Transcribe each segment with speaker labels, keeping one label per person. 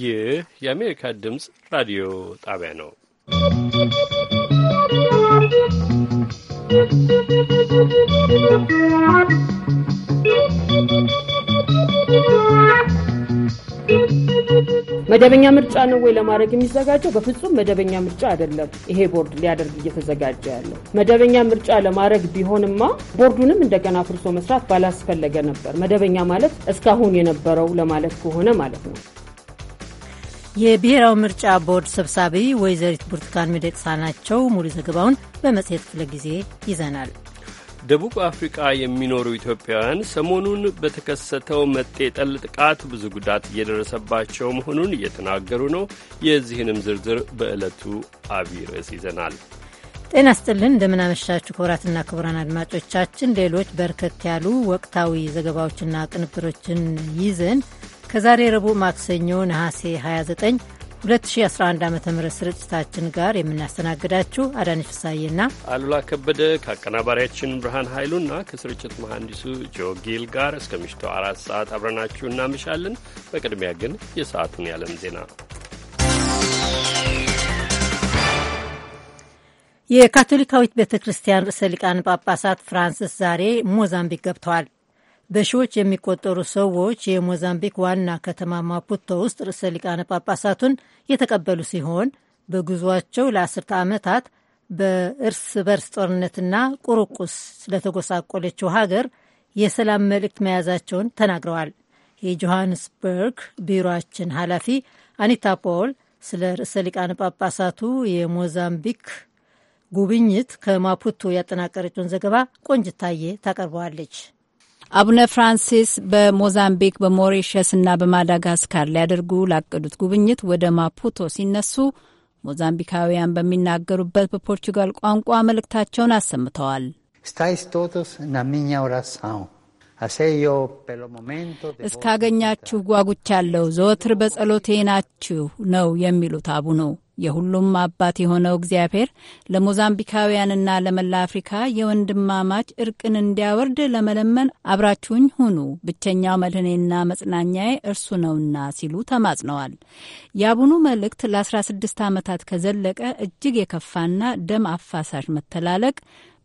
Speaker 1: ይህ የአሜሪካ ድምፅ ራዲዮ ጣቢያ ነው።
Speaker 2: መደበኛ ምርጫ ነው ወይ ለማድረግ የሚዘጋጀው? በፍጹም መደበኛ ምርጫ አይደለም። ይሄ ቦርድ ሊያደርግ እየተዘጋጀ ያለው መደበኛ ምርጫ ለማድረግ ቢሆንማ ቦርዱንም እንደገና ፍርሶ መስራት ባላስፈለገ ነበር። መደበኛ ማለት እስካሁን የነበረው ለማለት ከሆነ ማለት ነው። የብሔራዊ
Speaker 3: ምርጫ ቦርድ ሰብሳቢ ወይዘሪት ብርቱካን ሚደቅሳ ናቸው። ሙሉ ዘገባውን በመጽሔት ክፍለ ጊዜ ይዘናል።
Speaker 1: ደቡብ አፍሪቃ የሚኖሩ ኢትዮጵያውያን ሰሞኑን በተከሰተው መጤጠል ጥቃት ብዙ ጉዳት እየደረሰባቸው መሆኑን እየተናገሩ ነው። የዚህንም ዝርዝር በዕለቱ አብይ ርዕስ ይዘናል።
Speaker 3: ጤና ስጥልን፣ እንደምናመሻችሁ ክቡራትና ክቡራን አድማጮቻችን ሌሎች በርከት ያሉ ወቅታዊ ዘገባዎችና ቅንብሮችን ይዘን ከዛሬ ረቡዕ ማክሰኞ ነሐሴ 29 2011 ዓ ም ስርጭታችን ጋር የምናስተናግዳችሁ አዳነች ፍሳዬና
Speaker 1: አሉላ ከበደ ከአቀናባሪያችን ብርሃን ኃይሉና ከስርጭት መሐንዲሱ ጆጊል ጋር እስከ ምሽቱ አራት ሰዓት አብረናችሁ እናመሻለን። በቅድሚያ ግን የሰዓቱን ያለም ዜና።
Speaker 3: የካቶሊካዊት ቤተ ክርስቲያን ርዕሰ ሊቃን ጳጳሳት ፍራንሲስ ዛሬ ሞዛምቢክ ገብተዋል። በሺዎች የሚቆጠሩ ሰዎች የሞዛምቢክ ዋና ከተማ ማፑቶ ውስጥ ርዕሰ ሊቃነ ጳጳሳቱን የተቀበሉ ሲሆን በጉዟቸው ለአስርተ ዓመታት በእርስ በርስ ጦርነትና ቁርቁስ ስለተጎሳቆለችው ሀገር የሰላም መልእክት መያዛቸውን ተናግረዋል። የጆሃንስበርግ ቢሮችን ኃላፊ አኒታ ፖል ስለ ርዕሰ ሊቃነ ጳጳሳቱ የሞዛምቢክ ጉብኝት ከማፑቶ ያጠናቀረችውን ዘገባ ቆንጅታዬ ታቀርበዋለች።
Speaker 4: አቡነ ፍራንሲስ በሞዛምቢክ በሞሪሸስና በማዳጋስካር ሊያደርጉ ላቀዱት ጉብኝት ወደ ማፑቶ ሲነሱ ሞዛምቢካውያን በሚናገሩበት በፖርቹጋል ቋንቋ መልእክታቸውን አሰምተዋል። ስታይስ ቶቶስ ኦራሳው እስካገኛችሁ ጓጉቻለሁ፣ ዘወትር በጸሎቴ ናችሁ ነው የሚሉት አቡነው። የሁሉም አባት የሆነው እግዚአብሔር ለሞዛምቢካውያንና ለመላ አፍሪካ የወንድማማች እርቅን እንዲያወርድ ለመለመን አብራችሁኝ ሁኑ፣ ብቸኛው መድህኔና መጽናኛዬ እርሱ ነውና ሲሉ ተማጽነዋል። የአቡኑ መልእክት ለ16 ዓመታት ከዘለቀ እጅግ የከፋና ደም አፋሳሽ መተላለቅ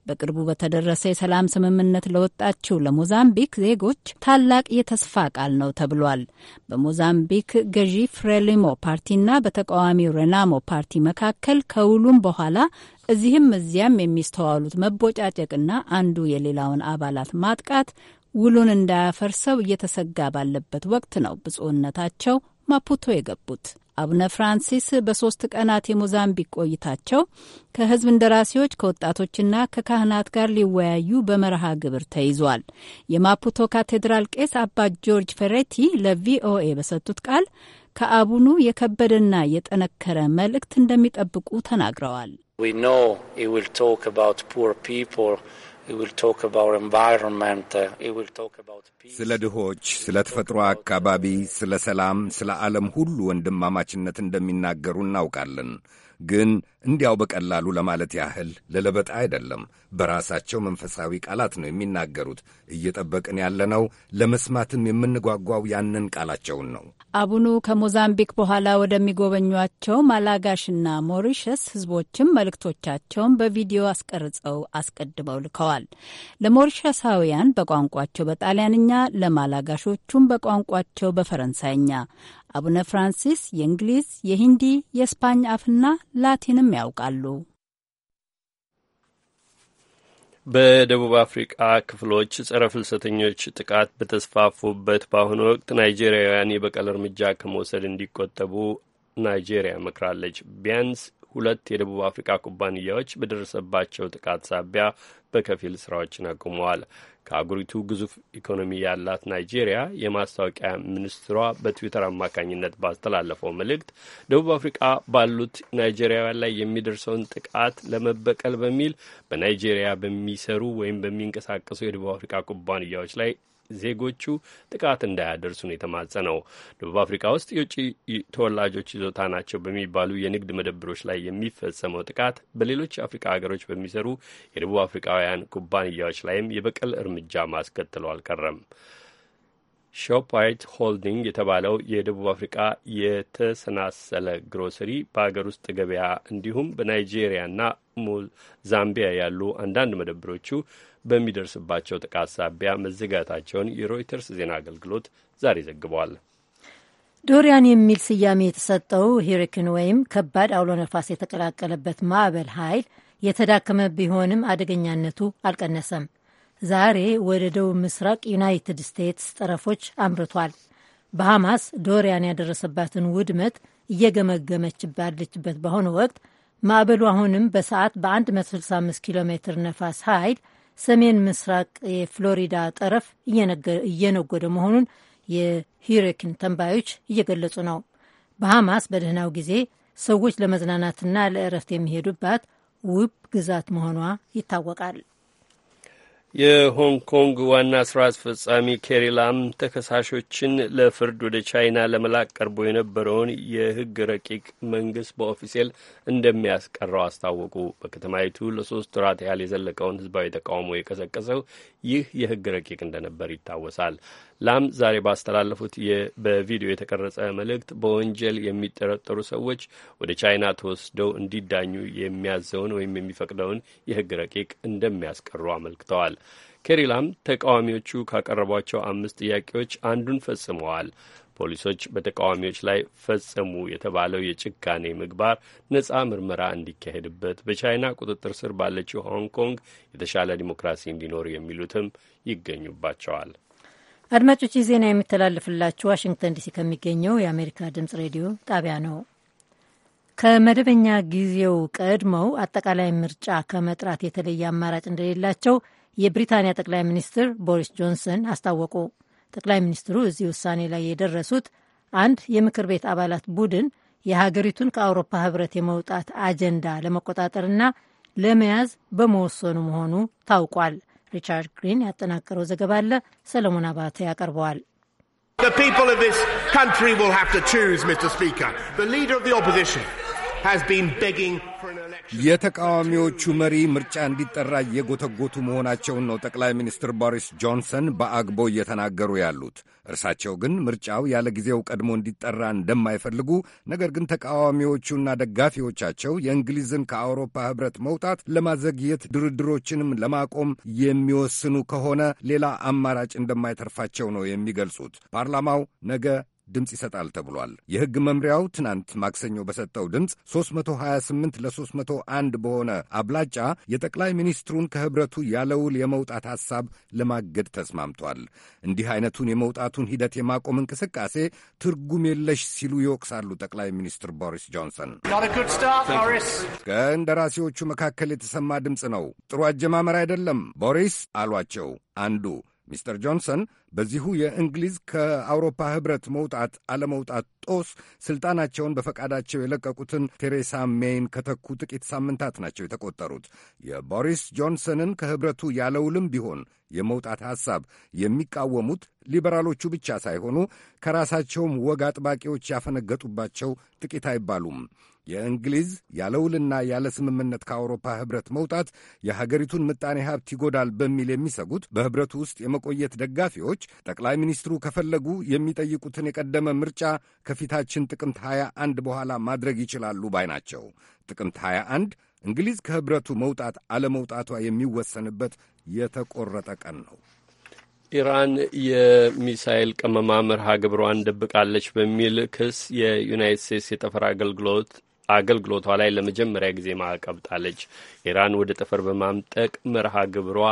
Speaker 4: በቅርቡ በተደረሰ የሰላም ስምምነት ለወጣችው ለሞዛምቢክ ዜጎች ታላቅ የተስፋ ቃል ነው ተብሏል። በሞዛምቢክ ገዢ ፍሬሊሞ ፓርቲና በተቃዋሚው ሬናሞ ፓርቲ መካከል ከውሉም በኋላ እዚህም እዚያም የሚስተዋሉት መቦጫጨቅና አንዱ የሌላውን አባላት ማጥቃት ውሉን እንዳያፈርሰው እየተሰጋ ባለበት ወቅት ነው ብፁዕነታቸው ማፑቶ የገቡት። አቡነ ፍራንሲስ በሶስት ቀናት የሞዛምቢክ ቆይታቸው ከህዝብ እንደራሴዎች ከወጣቶችና ከካህናት ጋር ሊወያዩ በመርሃ ግብር ተይዟል። የማፑቶ ካቴድራል ቄስ አባ ጆርጅ ፌሬቲ ለቪኦኤ በሰጡት ቃል ከአቡኑ የከበደና የጠነከረ መልእክት እንደሚጠብቁ ተናግረዋል።
Speaker 5: Uh,
Speaker 6: ስለ ድሆች፣ ስለ ተፈጥሮ አካባቢ፣ ስለ ሰላም፣ ስለ ዓለም ሁሉ ወንድማማችነት እንደሚናገሩ እናውቃለን። ግን እንዲያው በቀላሉ ለማለት ያህል ለለበጣ አይደለም። በራሳቸው መንፈሳዊ ቃላት ነው የሚናገሩት። እየጠበቅን ያለነው ለመስማትም የምንጓጓው ያንን ቃላቸውን ነው።
Speaker 4: አቡኑ ከሞዛምቢክ በኋላ ወደሚጎበኟቸው ማላጋሽና ሞሪሸስ ህዝቦችም መልእክቶቻቸውን በቪዲዮ አስቀርጸው አስቀድመው ልከዋል። ለሞሪሸሳውያን በቋንቋቸው በጣሊያንኛ፣ ለማላጋሾቹም በቋንቋቸው በፈረንሳይኛ አቡነ ፍራንሲስ የእንግሊዝ፣ የሂንዲ፣ የስፓኝ አፍና ላቲንም ያውቃሉ።
Speaker 1: በደቡብ አፍሪቃ ክፍሎች ጸረ ፍልሰተኞች ጥቃት በተስፋፉበት በአሁኑ ወቅት ናይጄሪያውያን የበቀል እርምጃ ከመውሰድ እንዲቆጠቡ ናይጄሪያ መክራለች። ቢያንስ ሁለት የደቡብ አፍሪካ ኩባንያዎች በደረሰባቸው ጥቃት ሳቢያ በከፊል ስራዎችን አቁመዋል። ከአገሪቱ ግዙፍ ኢኮኖሚ ያላት ናይጄሪያ የማስታወቂያ ሚኒስትሯ በትዊተር አማካኝነት ባስተላለፈው መልእክት ደቡብ አፍሪቃ ባሉት ናይጄሪያውያን ላይ የሚደርሰውን ጥቃት ለመበቀል በሚል በናይጄሪያ በሚሰሩ ወይም በሚንቀሳቀሱ የደቡብ አፍሪቃ ኩባንያዎች ላይ ዜጎቹ ጥቃት እንዳያደርሱ ነው የተማጸነው። ደቡብ አፍሪካ ውስጥ የውጭ ተወላጆች ይዞታ ናቸው በሚባሉ የንግድ መደብሮች ላይ የሚፈጸመው ጥቃት በሌሎች የአፍሪካ ሀገሮች በሚሰሩ የደቡብ አፍሪካውያን ኩባንያዎች ላይም የበቀል እርምጃ ማስከትሎ አልቀረም። ሾፕዋይት ሆልዲንግ የተባለው የደቡብ አፍሪቃ የተሰናሰለ ግሮሰሪ በሀገር ውስጥ ገበያ እንዲሁም በናይጄሪያና ሞዛምቢያ ያሉ አንዳንድ መደብሮቹ በሚደርስባቸው ጥቃት ሳቢያ መዘጋታቸውን የሮይተርስ ዜና አገልግሎት ዛሬ ዘግበዋል።
Speaker 3: ዶሪያን የሚል ስያሜ የተሰጠው ሂሪክን ወይም ከባድ አውሎ ነፋስ የተቀላቀለበት ማዕበል ኃይል የተዳከመ ቢሆንም አደገኛነቱ አልቀነሰም። ዛሬ ወደ ደቡብ ምስራቅ ዩናይትድ ስቴትስ ጠረፎች አምርቷል። በሐማስ ዶሪያን ያደረሰባትን ውድመት እየገመገመች ባለችበት በአሁኑ ወቅት ማዕበሉ አሁንም በሰዓት በ165 ኪሎ ሜትር ነፋስ ኃይል ሰሜን ምስራቅ የፍሎሪዳ ጠረፍ እየነጎደ መሆኑን የሂሪክን ተንባዮች እየገለጹ ነው። በሐማስ በደህናው ጊዜ ሰዎች ለመዝናናትና ለእረፍት የሚሄዱባት ውብ ግዛት መሆኗ ይታወቃል።
Speaker 1: የሆንግ ኮንግ ዋና ስራ አስፈጻሚ ኬሪ ላም ተከሳሾችን ለፍርድ ወደ ቻይና ለመላክ ቀርቦ የነበረውን የህግ ረቂቅ መንግስት በኦፊሴል እንደሚያስቀረው አስታወቁ። በከተማይቱ ለሶስት ወራት ያህል የዘለቀውን ህዝባዊ ተቃውሞ የቀሰቀሰው ይህ የህግ ረቂቅ እንደነበር ይታወሳል። ላም ዛሬ ባስተላለፉት በቪዲዮ የተቀረጸ መልእክት በወንጀል የሚጠረጠሩ ሰዎች ወደ ቻይና ተወስደው እንዲዳኙ የሚያዘውን ወይም የሚፈቅደውን የሕግ ረቂቅ እንደሚያስቀሩ አመልክተዋል። ኬሪ ላም ተቃዋሚዎቹ ካቀረቧቸው አምስት ጥያቄዎች አንዱን ፈጽመዋል። ፖሊሶች በተቃዋሚዎች ላይ ፈጸሙ የተባለው የጭካኔ ምግባር ነጻ ምርመራ እንዲካሄድበት፣ በቻይና ቁጥጥር ስር ባለችው ሆንግ ኮንግ የተሻለ ዲሞክራሲ እንዲኖር የሚሉትም ይገኙባቸዋል።
Speaker 3: አድማጮች ዜና የሚተላለፍላችሁ ዋሽንግተን ዲሲ ከሚገኘው የአሜሪካ ድምጽ ሬዲዮ ጣቢያ ነው። ከመደበኛ ጊዜው ቀድመው አጠቃላይ ምርጫ ከመጥራት የተለየ አማራጭ እንደሌላቸው የብሪታንያ ጠቅላይ ሚኒስትር ቦሪስ ጆንሰን አስታወቁ። ጠቅላይ ሚኒስትሩ እዚህ ውሳኔ ላይ የደረሱት አንድ የምክር ቤት አባላት ቡድን የሀገሪቱን ከአውሮፓ ህብረት የመውጣት አጀንዳ ለመቆጣጠርና ለመያዝ በመወሰኑ መሆኑ ታውቋል። ሪቻርድ ግሪን ያጠናቀረው ዘገባ አለ። ሰለሞን አባተ ያቀርበዋል።
Speaker 6: የተቃዋሚዎቹ መሪ ምርጫ እንዲጠራ እየጎተጎቱ መሆናቸውን ነው ጠቅላይ ሚኒስትር ቦሪስ ጆንሰን በአግቦ እየተናገሩ ያሉት። እርሳቸው ግን ምርጫው ያለ ጊዜው ቀድሞ እንዲጠራ እንደማይፈልጉ፣ ነገር ግን ተቃዋሚዎቹና ደጋፊዎቻቸው የእንግሊዝን ከአውሮፓ ህብረት መውጣት ለማዘግየት ድርድሮችንም ለማቆም የሚወስኑ ከሆነ ሌላ አማራጭ እንደማይተርፋቸው ነው የሚገልጹት። ፓርላማው ነገ ድምፅ ይሰጣል ተብሏል። የሕግ መምሪያው ትናንት ማክሰኞ በሰጠው ድምፅ 328 ለ301 በሆነ አብላጫ የጠቅላይ ሚኒስትሩን ከኅብረቱ ያለውል የመውጣት ሐሳብ ለማገድ ተስማምቷል። እንዲህ አይነቱን የመውጣቱን ሂደት የማቆም እንቅስቃሴ ትርጉም የለሽ ሲሉ ይወቅሳሉ ጠቅላይ ሚኒስትር ቦሪስ ጆንሰን። ከእንደራሴዎቹ መካከል የተሰማ ድምፅ ነው። ጥሩ አጀማመር አይደለም ቦሪስ አሏቸው አንዱ ሚስተር ጆንሰን በዚሁ የእንግሊዝ ከአውሮፓ ህብረት መውጣት አለመውጣት ጦስ ስልጣናቸውን በፈቃዳቸው የለቀቁትን ቴሬሳ ሜይን ከተኩ ጥቂት ሳምንታት ናቸው የተቆጠሩት። የቦሪስ ጆንሰንን ከህብረቱ ያለውልም ቢሆን የመውጣት ሐሳብ የሚቃወሙት ሊበራሎቹ ብቻ ሳይሆኑ ከራሳቸውም ወግ አጥባቂዎች ያፈነገጡባቸው ጥቂት አይባሉም። የእንግሊዝ ያለ ውልና ያለ ስምምነት ከአውሮፓ ህብረት መውጣት የሀገሪቱን ምጣኔ ሀብት ይጎዳል በሚል የሚሰጉት በህብረቱ ውስጥ የመቆየት ደጋፊዎች ጠቅላይ ሚኒስትሩ ከፈለጉ የሚጠይቁትን የቀደመ ምርጫ ከፊታችን ጥቅምት 21 በኋላ ማድረግ ይችላሉ ባይ ናቸው። ጥቅምት 21 እንግሊዝ ከህብረቱ መውጣት አለመውጣቷ የሚወሰንበት የተቆረጠ ቀን ነው።
Speaker 1: ኢራን የሚሳኤል ቅመማ መርሃ ግብሯን ደብቃለች በሚል ክስ የዩናይት ስቴትስ የጠፈር አገልግሎት አገልግሎቷ ላይ ለመጀመሪያ ጊዜ ማዕቀብ ጣለች። ኢራን ወደ ጠፈር በማምጠቅ መርሃ ግብሯ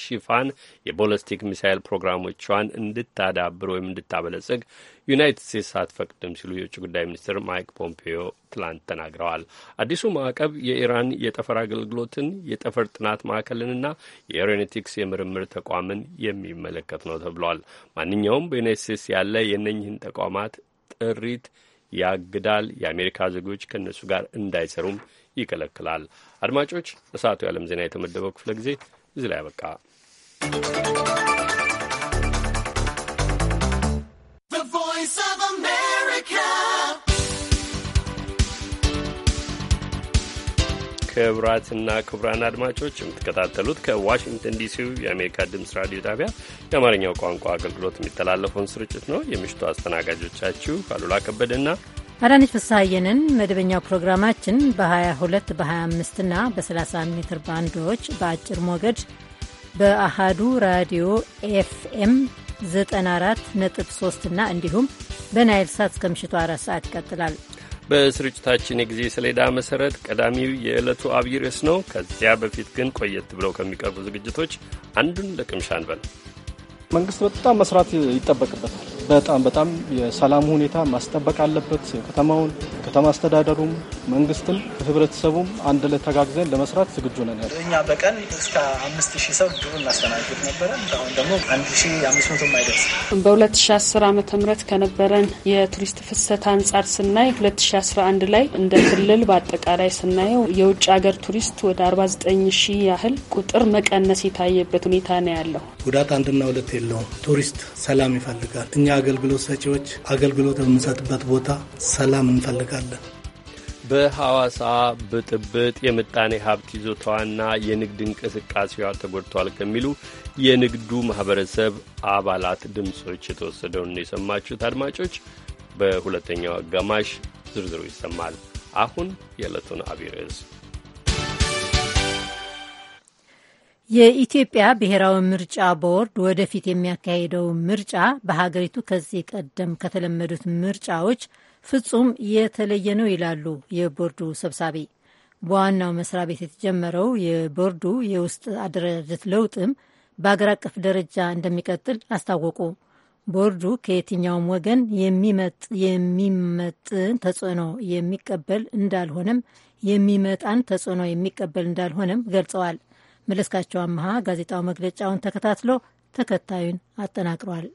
Speaker 1: ሽፋን የቦለስቲክ ሚሳይል ፕሮግራሞቿን እንድታዳብር ወይም እንድታበለጽግ ዩናይትድ ስቴትስ አትፈቅድም ሲሉ የውጭ ጉዳይ ሚኒስትር ማይክ ፖምፔዮ ትላንት ተናግረዋል። አዲሱ ማዕቀብ የኢራን የጠፈር አገልግሎትን፣ የጠፈር ጥናት ማዕከልንና የኤሮኔቲክስ የምርምር ተቋምን የሚመለከት ነው ተብሏል። ማንኛውም በዩናይትድ ስቴትስ ያለ የእነኝህን ተቋማት ጥሪት ያግዳል። የአሜሪካ ዜጎች ከእነሱ ጋር እንዳይሰሩም ይከለክላል። አድማጮች፣ እሳቱ የዓለም ዜና የተመደበው ክፍለ ጊዜ እዚህ ላይ አበቃ። ክቡራትና ክቡራን አድማጮች የምትከታተሉት ከዋሽንግተን ዲሲው የአሜሪካ ድምፅ ራዲዮ ጣቢያ የአማርኛው ቋንቋ አገልግሎት የሚተላለፈውን ስርጭት ነው። የምሽቱ አስተናጋጆቻችሁ አሉላ ከበደና
Speaker 3: አዳነች ፍስሐየንን። መደበኛው ፕሮግራማችን በ22 በ25ና በ 30 ሜትር ባንዶች በአጭር ሞገድ በአሃዱ ራዲዮ ኤፍኤም 94.3 እና እንዲሁም በናይል ሳት እስከ ምሽቱ አራት ሰዓት ይቀጥላል።
Speaker 1: በስርጭታችን የጊዜ ሰሌዳ መሰረት ቀዳሚው የዕለቱ አብይ ርዕስ ነው። ከዚያ በፊት ግን ቆየት ብለው ከሚቀርቡ ዝግጅቶች አንዱን ለቅምሻ እንበል።
Speaker 7: መንግስት በጣም መስራት ይጠበቅበታል። በጣም በጣም የሰላም ሁኔታ ማስጠበቅ አለበት። ከተማውን ከተማ አስተዳደሩም መንግስትም ህብረተሰቡም አንድ ላይ ተጋግዘን ለመስራት ዝግጁ ነን። ያለ
Speaker 8: እኛ በቀን
Speaker 9: እስከ አምስት ሺህ ሰው ድሮ እናስተናግድ ነበረ። አሁን ደግሞ አንድ ሺህ አምስት መቶ አይደርስ።
Speaker 2: በሁለት ሺ አስር አመተ ምህረት ከነበረን የቱሪስት ፍሰት አንጻር ስናይ ሁለት ሺ አስራ አንድ ላይ እንደ ክልል በአጠቃላይ ስናየው የውጭ ሀገር ቱሪስት ወደ አርባ ዘጠኝ ሺህ ያህል ቁጥር መቀነስ የታየበት ሁኔታ ነው ያለው።
Speaker 7: ጉዳት አንድና ሁለት የለውም። ቱሪስት ሰላም ይፈልጋል። እኛ አገልግሎት ሰጪዎች አገልግሎት በምንሰጥበት ቦታ ሰላም እንፈልጋለን።
Speaker 1: በሐዋሳ ብጥብጥ የምጣኔ ሀብት ይዞታዋና የንግድ እንቅስቃሴዋ ተጎድቷል ከሚሉ የንግዱ ማህበረሰብ አባላት ድምፆች የተወሰደውን የሰማችሁት አድማጮች። በሁለተኛው አጋማሽ ዝርዝሩ ይሰማል። አሁን የዕለቱን አብይ ርዕስ
Speaker 3: የኢትዮጵያ ብሔራዊ ምርጫ ቦርድ ወደፊት የሚያካሄደው ምርጫ በሀገሪቱ ከዚህ ቀደም ከተለመዱት ምርጫዎች ፍጹም የተለየ ነው ይላሉ የቦርዱ ሰብሳቢ። በዋናው መስሪያ ቤት የተጀመረው የቦርዱ የውስጥ አደረጃጀት ለውጥም በአገር አቀፍ ደረጃ እንደሚቀጥል አስታወቁ። ቦርዱ ከየትኛውም ወገን የሚመጥን ተጽዕኖ የሚቀበል እንዳልሆነም የሚመጣን ተጽዕኖ የሚቀበል እንዳልሆነም ገልጸዋል። መለስካቸው አመሃ ጋዜጣው መግለጫውን ተከታትሎ ተከታዩን አጠናቅሯል።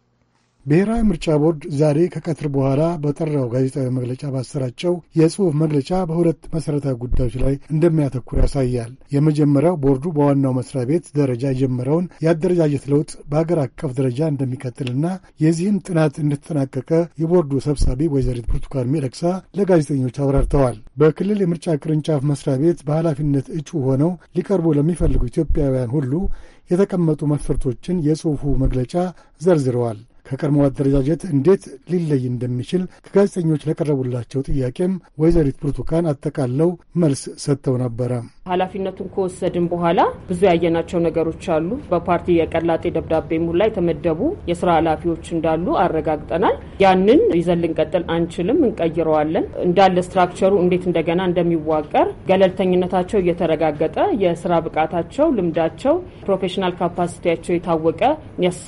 Speaker 10: ብሔራዊ ምርጫ ቦርድ ዛሬ ከቀትር በኋላ በጠራው ጋዜጣዊ መግለጫ ባሰራጨው የጽሑፍ መግለጫ በሁለት መሠረታዊ ጉዳዮች ላይ እንደሚያተኩር ያሳያል። የመጀመሪያው ቦርዱ በዋናው መስሪያ ቤት ደረጃ የጀመረውን የአደረጃጀት ለውጥ በአገር አቀፍ ደረጃ እንደሚቀጥልና የዚህም ጥናት እንደተጠናቀቀ የቦርዱ ሰብሳቢ ወይዘሪት ብርቱካን ሚደቅሳ ለጋዜጠኞች አብራርተዋል። በክልል የምርጫ ቅርንጫፍ መስሪያ ቤት በኃላፊነት እጩ ሆነው ሊቀርቡ ለሚፈልጉ ኢትዮጵያውያን ሁሉ የተቀመጡ መስፈርቶችን የጽሑፉ መግለጫ ዘርዝረዋል። ከቀድሞ አደረጃጀት እንዴት ሊለይ እንደሚችል ከጋዜጠኞች ለቀረቡላቸው ጥያቄም ወይዘሪት ብርቱካን አጠቃለው መልስ ሰጥተው ነበረ።
Speaker 2: ኃላፊነቱን ከወሰድን በኋላ ብዙ ያየናቸው ነገሮች አሉ። በፓርቲ የቀላጤ ደብዳቤ ሙላ የተመደቡ የስራ ኃላፊዎች እንዳሉ አረጋግጠናል። ያንን ይዘን ልንቀጥል አንችልም፣ እንቀይረዋለን። እንዳለ ስትራክቸሩ እንዴት እንደገና እንደሚዋቀር ገለልተኝነታቸው እየተረጋገጠ የስራ ብቃታቸው፣ ልምዳቸው፣ ፕሮፌሽናል ካፓሲቲያቸው የታወቀ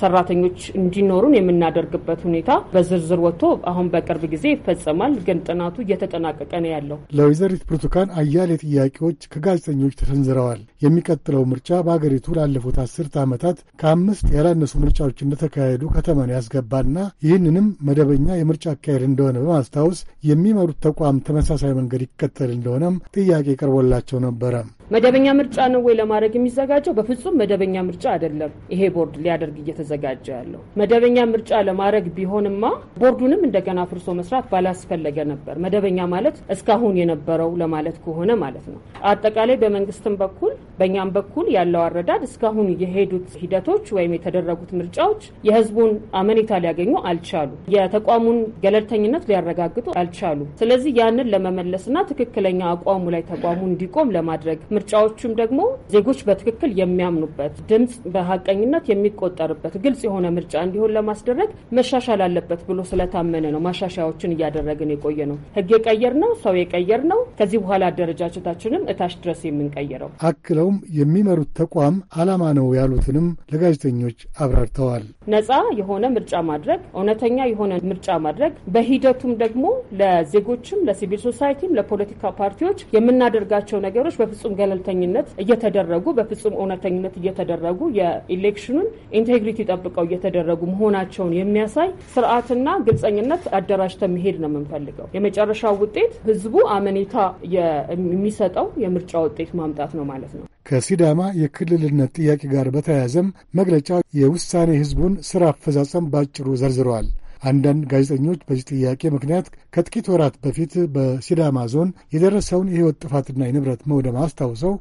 Speaker 2: ሰራተኞች እንዲኖሩን የምናደርግበት ሁኔታ በዝርዝር ወጥቶ አሁን በቅርብ ጊዜ ይፈጸማል። ግን ጥናቱ እየተጠናቀቀ ነው ያለው።
Speaker 10: ለወይዘሪት ብርቱካን አያሌ ጥያቄዎች ከጋዜ ጋዜጠኞች ተሰንዝረዋል። የሚቀጥለው ምርጫ በአገሪቱ ላለፉት አስርተ ዓመታት ከአምስት ያላነሱ ምርጫዎች እንደተካሄዱ ከተማን ያስገባና ይህንንም መደበኛ የምርጫ አካሄድ እንደሆነ በማስታወስ የሚመሩት ተቋም ተመሳሳይ መንገድ ይከተል እንደሆነም ጥያቄ ቀርቦላቸው ነበረ።
Speaker 2: መደበኛ ምርጫ ነው ወይ ለማድረግ የሚዘጋጀው? በፍጹም መደበኛ ምርጫ አይደለም። ይሄ ቦርድ ሊያደርግ እየተዘጋጀ ያለው መደበኛ ምርጫ ለማድረግ ቢሆንማ ቦርዱንም እንደገና ፍርሶ መስራት ባላስፈለገ ነበር። መደበኛ ማለት እስካሁን የነበረው ለማለት ከሆነ ማለት ነው። አጠቃላይ በመንግስትም በኩል በእኛም በኩል ያለው አረዳድ እስካሁን የሄዱት ሂደቶች ወይም የተደረጉት ምርጫዎች የህዝቡን አመኔታ ሊያገኙ አልቻሉ። የተቋሙን ገለልተኝነት ሊያረጋግጡ አልቻሉ። ስለዚህ ያንን ለመመለስና ትክክለኛ አቋሙ ላይ ተቋሙ እንዲቆም ለማድረግ ምርጫዎቹም ደግሞ ዜጎች በትክክል የሚያምኑበት ድምፅ በሀቀኝነት የሚቆጠርበት ግልጽ የሆነ ምርጫ እንዲሆን ለማስደረግ መሻሻል አለበት ብሎ ስለታመነ ነው ማሻሻያዎችን እያደረግን የቆየ ነው። ህግ የቀየር ነው፣ ሰው የቀየር ነው። ከዚህ በኋላ አደረጃጀታችንም እታች ድረስ የምንቀይረው።
Speaker 10: አክለውም የሚመሩት ተቋም አላማ ነው ያሉትንም ለጋዜጠኞች አብራርተዋል።
Speaker 2: ነጻ የሆነ ምርጫ ማድረግ፣ እውነተኛ የሆነ ምርጫ ማድረግ፣ በሂደቱም ደግሞ ለዜጎችም፣ ለሲቪል ሶሳይቲም፣ ለፖለቲካ ፓርቲዎች የምናደርጋቸው ነገሮች በፍጹም ገለልተኝነት እየተደረጉ በፍጹም እውነተኝነት እየተደረጉ የኢሌክሽኑን ኢንቴግሪቲ ጠብቀው እየተደረጉ መሆናቸውን የሚያሳይ ስርዓትና ግልጸኝነት አደራጅተ መሄድ ነው የምንፈልገው። የመጨረሻው ውጤት ህዝቡ አመኔታ የሚሰጠው የምርጫ ውጤት ውጤት ማምጣት ነው ማለት ነው።
Speaker 10: ከሲዳማ የክልልነት ጥያቄ ጋር በተያያዘም መግለጫ የውሳኔ ህዝቡን ስራ አፈጻጸም ባጭሩ ዘርዝረዋል። አንዳንድ ጋዜጠኞች በዚህ ጥያቄ ምክንያት ከጥቂት ወራት በፊት በሲዳማ ዞን የደረሰውን የህይወት ጥፋትና የንብረት መውደም አስታውሰው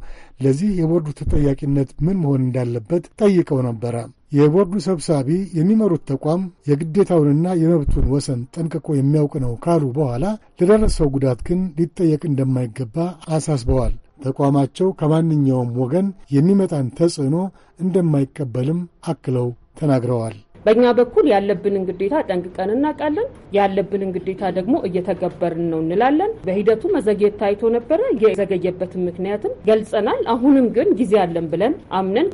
Speaker 10: ለዚህ የቦርዱ ተጠያቂነት ምን መሆን እንዳለበት ጠይቀው ነበረ። የቦርዱ ሰብሳቢ የሚመሩት ተቋም የግዴታውንና የመብቱን ወሰን ጠንቅቆ የሚያውቅ ነው ካሉ በኋላ ለደረሰው ጉዳት ግን ሊጠየቅ እንደማይገባ አሳስበዋል። ተቋማቸው ከማንኛውም ወገን የሚመጣን ተጽዕኖ እንደማይቀበልም አክለው ተናግረዋል።
Speaker 2: በእኛ በኩል ያለብንን ግዴታ ጠንቅቀን እናውቃለን። ያለብንን ግዴታ ደግሞ እየተገበርን ነው እንላለን። በሂደቱ መዘግየት ታይቶ ነበረ። የዘገየበትን ምክንያትም ገልጸናል። አሁንም ግን ጊዜ አለን ብለን አምነን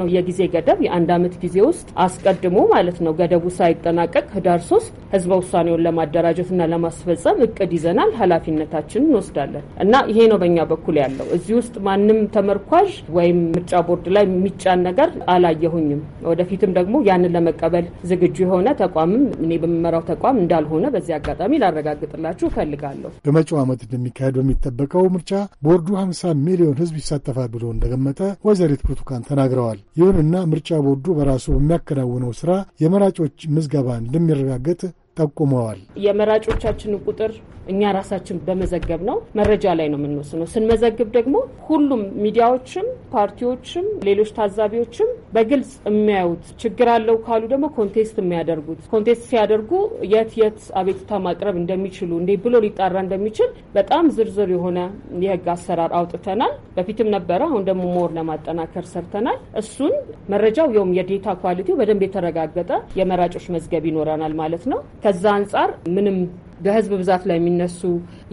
Speaker 2: ነው የጊዜ ገደብ የአንድ ዓመት ጊዜ ውስጥ አስቀድሞ ማለት ነው ገደቡ ሳይጠናቀቅ ህዳር ሶስት ህዝበ ውሳኔውን ለማደራጀትና ለማስፈጸም እቅድ ይዘናል። ኃላፊነታችንን እንወስዳለን እና ይሄ ነው በእኛ በኩል ያለው። እዚህ ውስጥ ማንም ተመርኳዥ ወይም ምርጫ ቦርድ ላይ የሚጫን ነገር አላየሁኝም። ወደፊትም ደግሞ ያንን ለመ ለመቀበል ዝግጁ የሆነ ተቋምም እኔ በምመራው ተቋም እንዳልሆነ በዚህ አጋጣሚ ላረጋግጥላችሁ እፈልጋለሁ።
Speaker 10: በመጪው ዓመት እንደሚካሄድ በሚጠበቀው ምርጫ ቦርዱ 50 ሚሊዮን ህዝብ ይሳተፋል ብሎ እንደገመተ ወይዘሪት ብርቱካን ተናግረዋል። ይሁንና ምርጫ ቦርዱ በራሱ በሚያከናውነው ስራ የመራጮች ምዝገባ እንደሚረጋገጥ ጠቁመዋል።
Speaker 2: የመራጮቻችንን ቁጥር እኛ ራሳችን በመዘገብ ነው መረጃ ላይ ነው የምንወስነው። ስንመዘግብ ደግሞ ሁሉም ሚዲያዎችም፣ ፓርቲዎችም፣ ሌሎች ታዛቢዎችም በግልጽ የሚያዩት ችግር አለው ካሉ ደግሞ ኮንቴስት የሚያደርጉት ኮንቴስት ሲያደርጉ የት የት አቤቱታ ማቅረብ እንደሚችሉ እንዴ ብሎ ሊጣራ እንደሚችል በጣም ዝርዝር የሆነ የህግ አሰራር አውጥተናል። በፊትም ነበረ፣ አሁን ደግሞ ሞር ለማጠናከር ሰርተናል። እሱን መረጃው የውም የዴታ ኳሊቲው በደንብ የተረጋገጠ የመራጮች መዝገብ ይኖረናል ማለት ነው። ከዛ አንጻር ምንም በህዝብ ብዛት ላይ የሚነሱ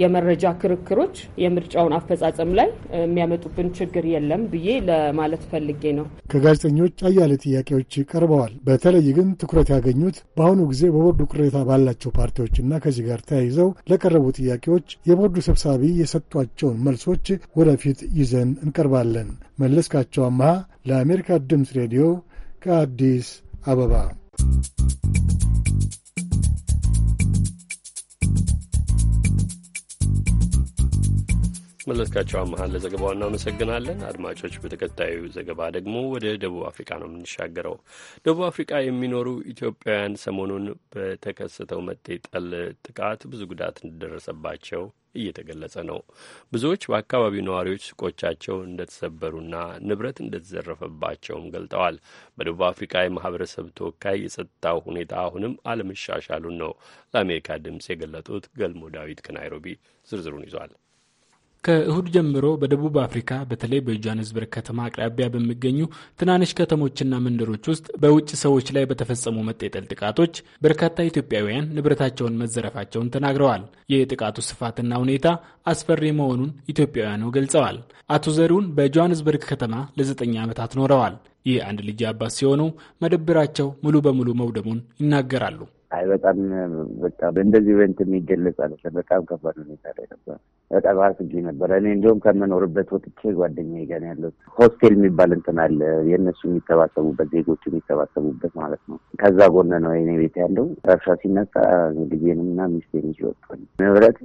Speaker 2: የመረጃ ክርክሮች የምርጫውን አፈጻጸም ላይ የሚያመጡብን ችግር የለም ብዬ ለማለት ፈልጌ ነው።
Speaker 10: ከጋዜጠኞች አያሌ ጥያቄዎች ቀርበዋል። በተለይ ግን ትኩረት ያገኙት በአሁኑ ጊዜ በቦርዱ ቅሬታ ባላቸው ፓርቲዎችና ከዚህ ጋር ተያይዘው ለቀረቡ ጥያቄዎች የቦርዱ ሰብሳቢ የሰጧቸውን መልሶች ወደፊት ይዘን እንቀርባለን። መለስካቸው አምሃ ለአሜሪካ ድምፅ ሬዲዮ ከአዲስ አበባ
Speaker 1: መለስካቸው አመሀን ለዘገባው እናመሰግናለን። አድማጮች፣ በተከታዩ ዘገባ ደግሞ ወደ ደቡብ አፍሪካ ነው የምንሻገረው። ደቡብ አፍሪካ የሚኖሩ ኢትዮጵያውያን ሰሞኑን በተከሰተው መጤ ጠል ጥቃት ብዙ ጉዳት እንደደረሰባቸው እየተገለጸ ነው። ብዙዎች በአካባቢው ነዋሪዎች ሱቆቻቸው እንደተሰበሩና ንብረት እንደተዘረፈባቸውም ገልጠዋል። በደቡብ አፍሪካ የማህበረሰብ ተወካይ የጸጥታው ሁኔታ አሁንም አለመሻሻሉን ነው ለአሜሪካ ድምፅ የገለጡት። ገልሞ ዳዊት ከናይሮቢ ዝርዝሩን ይዟል።
Speaker 9: ከእሁድ ጀምሮ በደቡብ አፍሪካ በተለይ በጆሃንስበርግ ከተማ አቅራቢያ በሚገኙ ትናንሽ ከተሞችና መንደሮች ውስጥ በውጭ ሰዎች ላይ በተፈጸሙ መጤጠል ጥቃቶች በርካታ ኢትዮጵያውያን ንብረታቸውን መዘረፋቸውን ተናግረዋል። የጥቃቱ ስፋትና ሁኔታ አስፈሪ መሆኑን ኢትዮጵያውያኑ ገልጸዋል። አቶ ዘሪሁን በጆሃንስበርግ ከተማ ለዘጠኝ ዓመታት ኖረዋል። ይህ አንድ ልጅ አባት ሲሆኑ መደብራቸው ሙሉ በሙሉ መውደሙን ይናገራሉ።
Speaker 11: አይ በጣም በቃ እንደዚህ ኢቨንት የሚገለጽ አለ። በጣም ከባድ ሁኔታ ላይ ነበር። በጣም አስጊ ነበር። እኔ እንዲሁም ከምኖርበት ወጥቼ ጓደኛ ጋር ያለት ሆስቴል የሚባል እንትን አለ። የእነሱ የሚሰባሰቡበት ዜጎቹ የሚሰባሰቡበት ማለት ነው። ከዛ ጎን ነው የኔ ቤት ያለው። ረብሻ ሲነሳ ጊዜንና ሚስቴን ይዤ ወጥቷል። ንብረት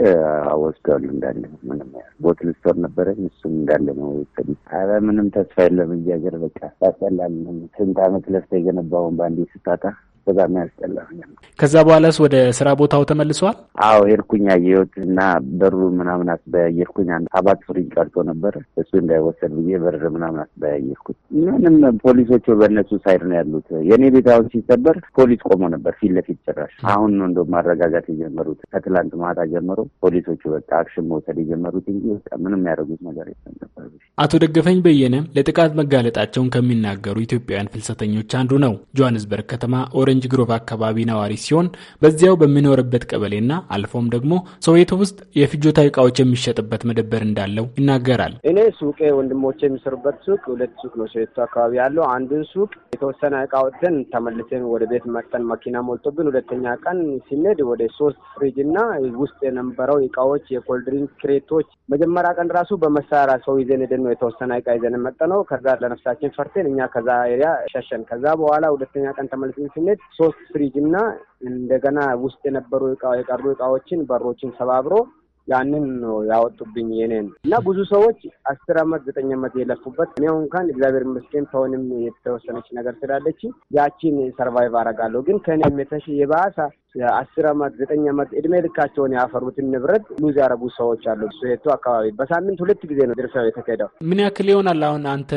Speaker 11: አወስዷል እንዳለ ምንም ቦትል ስቶር ነበረኝ። እሱም እንዳለ ነው ወሰድ። አረ ምንም ተስፋ የለም እዚህ ሀገር በቃ ያስጠላል። ስንት አመት ለፍተ የገነባውን በአንዴ ስታጣ በዛ የሚያስጠላ
Speaker 9: ከዛ በኋላስ ወደ ስራ ቦታው ተመልሰዋል?
Speaker 11: አዎ ሄድኩኝ፣ አየሁት እና በሩ ምናምን አስበያየርኩኝ። አንድ አባት ፍሪጅ ቀርቶ ነበር እሱ እንዳይወሰድ ብዬ በር ምናምን አስበያየርኩት። ምንም ፖሊሶቹ በእነሱ ሳይድ ነው ያሉት። የእኔ ቤት አሁን ሲሰበር ፖሊስ ቆሞ ነበር ፊት ለፊት ጭራሽ። አሁን ነው እንደ ማረጋጋት የጀመሩት ከትላንት ማታ ጀምሮ ፖሊሶቹ በቃ አክሽን መውሰድ የጀመሩት እንጂ ምንም ያደረጉት ነገር የለም ነበር።
Speaker 9: አቶ ደገፈኝ በየነ ለጥቃት መጋለጣቸውን ከሚናገሩ ኢትዮጵያውያን ፍልሰተኞች አንዱ ነው። ጆሃንስበርግ ከተማ ኦረ ኦሬንጅ ግሮቭ አካባቢ ነዋሪ ሲሆን በዚያው በሚኖርበት ቀበሌና አልፎም ደግሞ ሶዌቶ ውስጥ የፍጆታ እቃዎች የሚሸጥበት መደብር እንዳለው ይናገራል።
Speaker 12: እኔ ሱቄ ወንድሞች የሚሰሩበት ሱቅ ሁለት ሱቅ ነው ሶዌቶ አካባቢ ያለው። አንዱን ሱቅ የተወሰነ እቃ ወጥተን ተመልሰን ወደ ቤት መጠን መኪና ሞልቶብን ሁለተኛ ቀን ሲነድ ወደ ሶስት ፍሪጅ እና ውስጥ የነበረው እቃዎች የኮልድሪንክ ክሬቶች መጀመሪያ ቀን ራሱ በመሳሪያ ሰው ይዘን ሄደን ነው የተወሰነ እቃ ይዘን መጠ ነው። ከዛ ለነፍሳችን ፈርተን እኛ ከዛ ኤሪያ ሸሸን። ከዛ በኋላ ሁለተኛ ቀን ተመልሰን ስንሄድ ሶስት ፍሪጅ እና እንደገና ውስጥ የነበሩ የቀሩ እቃዎችን በሮችን ሰባብሮ ያንን ነው ያወጡብኝ የኔን እና ብዙ ሰዎች አስር አመት ዘጠኝ አመት የለፉበት እኔ እንኳን እግዚአብሔር ይመስገን ሰውንም የተወሰነች ነገር ስላለች ያቺን ሰርቫይቭ አረጋለሁ። ግን ከእኔም የተሽ የባሳ አስር አመት ዘጠኝ አመት እድሜ ልካቸውን ያፈሩትን ንብረት ሉዝ ያረጉ ሰዎች አሉ። ሱሄቱ አካባቢ በሳምንት ሁለት ጊዜ ነው ድርሰው የተካሄደው።
Speaker 9: ምን ያክል ይሆናል? አሁን አንተ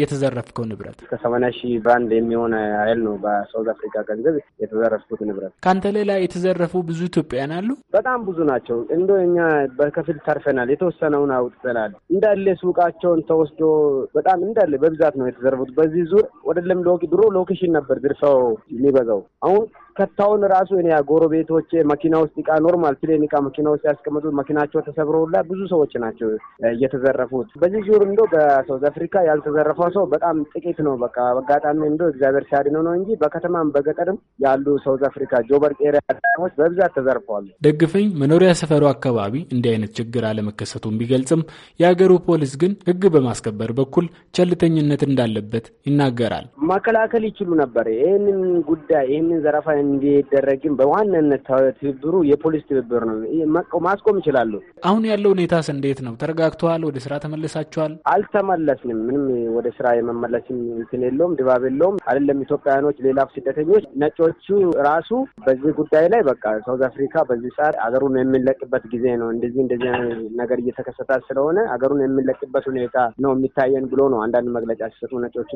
Speaker 9: የተዘረፍከው
Speaker 12: ንብረት እስከ ሰማንያ ሺህ ብራንድ የሚሆነ ያህል ነው በሳውዝ አፍሪካ ገንዘብ የተዘረፍኩት ንብረት። ከአንተ ሌላ የተዘረፉ ብዙ ኢትዮጵያውያን አሉ። በጣም ብዙ ናቸው። እንደ እኛ በከፊል ተርፈናል። የተወሰነውን አውጥተናል። እንዳለ ሱቃቸውን ተወስዶ በጣም እንዳለ በብዛት ነው የተዘረፉት። በዚህ ዙር ወደለም ድሮ ሎኬሽን ነበር ድርሰው የሚበዛው አሁን ከታውን ራሱ እኔ ጎረቤቶቼ መኪና ውስጥ እቃ ኖርማል ፕሌን እቃ መኪና ውስጥ ያስቀመጡ መኪናቸው ተሰብረውላ ብዙ ሰዎች ናቸው እየተዘረፉት። በዚህ ዙር እንደ በሳውዝ አፍሪካ ያልተዘረፈ ሰው በጣም ጥቂት ነው። በቃ አጋጣሚ እንደ እግዚአብሔር ሲያድነው ነው እንጂ በከተማም በገጠርም ያሉ ሳውዝ አፍሪካ ጆበርግ ኤሪያ በብዛት ተዘርፈዋል።
Speaker 9: ደግፈኝ መኖሪያ ሰፈሩ አካባቢ እንዲህ አይነት ችግር አለመከሰቱን ቢገልጽም የሀገሩ ፖሊስ ግን ህግ በማስከበር በኩል ቸልተኝነት እንዳለበት ይናገራል።
Speaker 12: መከላከል ይችሉ ነበር ይህንን ጉዳይ ይህንን ዘረፋ እንዲደረግም በዋናነት ትብብሩ የፖሊስ ትብብር ነው። ማስቆም ይችላሉ።
Speaker 9: አሁን ያለው ሁኔታስ እንዴት ነው? ተረጋግተዋል? ወደ ስራ ተመልሳችኋል?
Speaker 12: አልተመለስንም። ምንም ወደ ስራ የመመለስም እንትን የለውም፣ ድባብ የለውም። አይደለም ኢትዮጵያውያኖች፣ ሌላ ስደተኞች፣ ነጮቹ ራሱ በዚህ ጉዳይ ላይ በቃ ሳውዝ አፍሪካ በዚህ ሰዓት አገሩን የምንለቅበት ጊዜ ነው፣ እንደዚህ እንደዚህ ነገር እየተከሰተ ስለሆነ አገሩን የምንለቅበት ሁኔታ ነው የሚታየን ብሎ ነው አንዳንድ መግለጫ ሲሰጡ ነጮች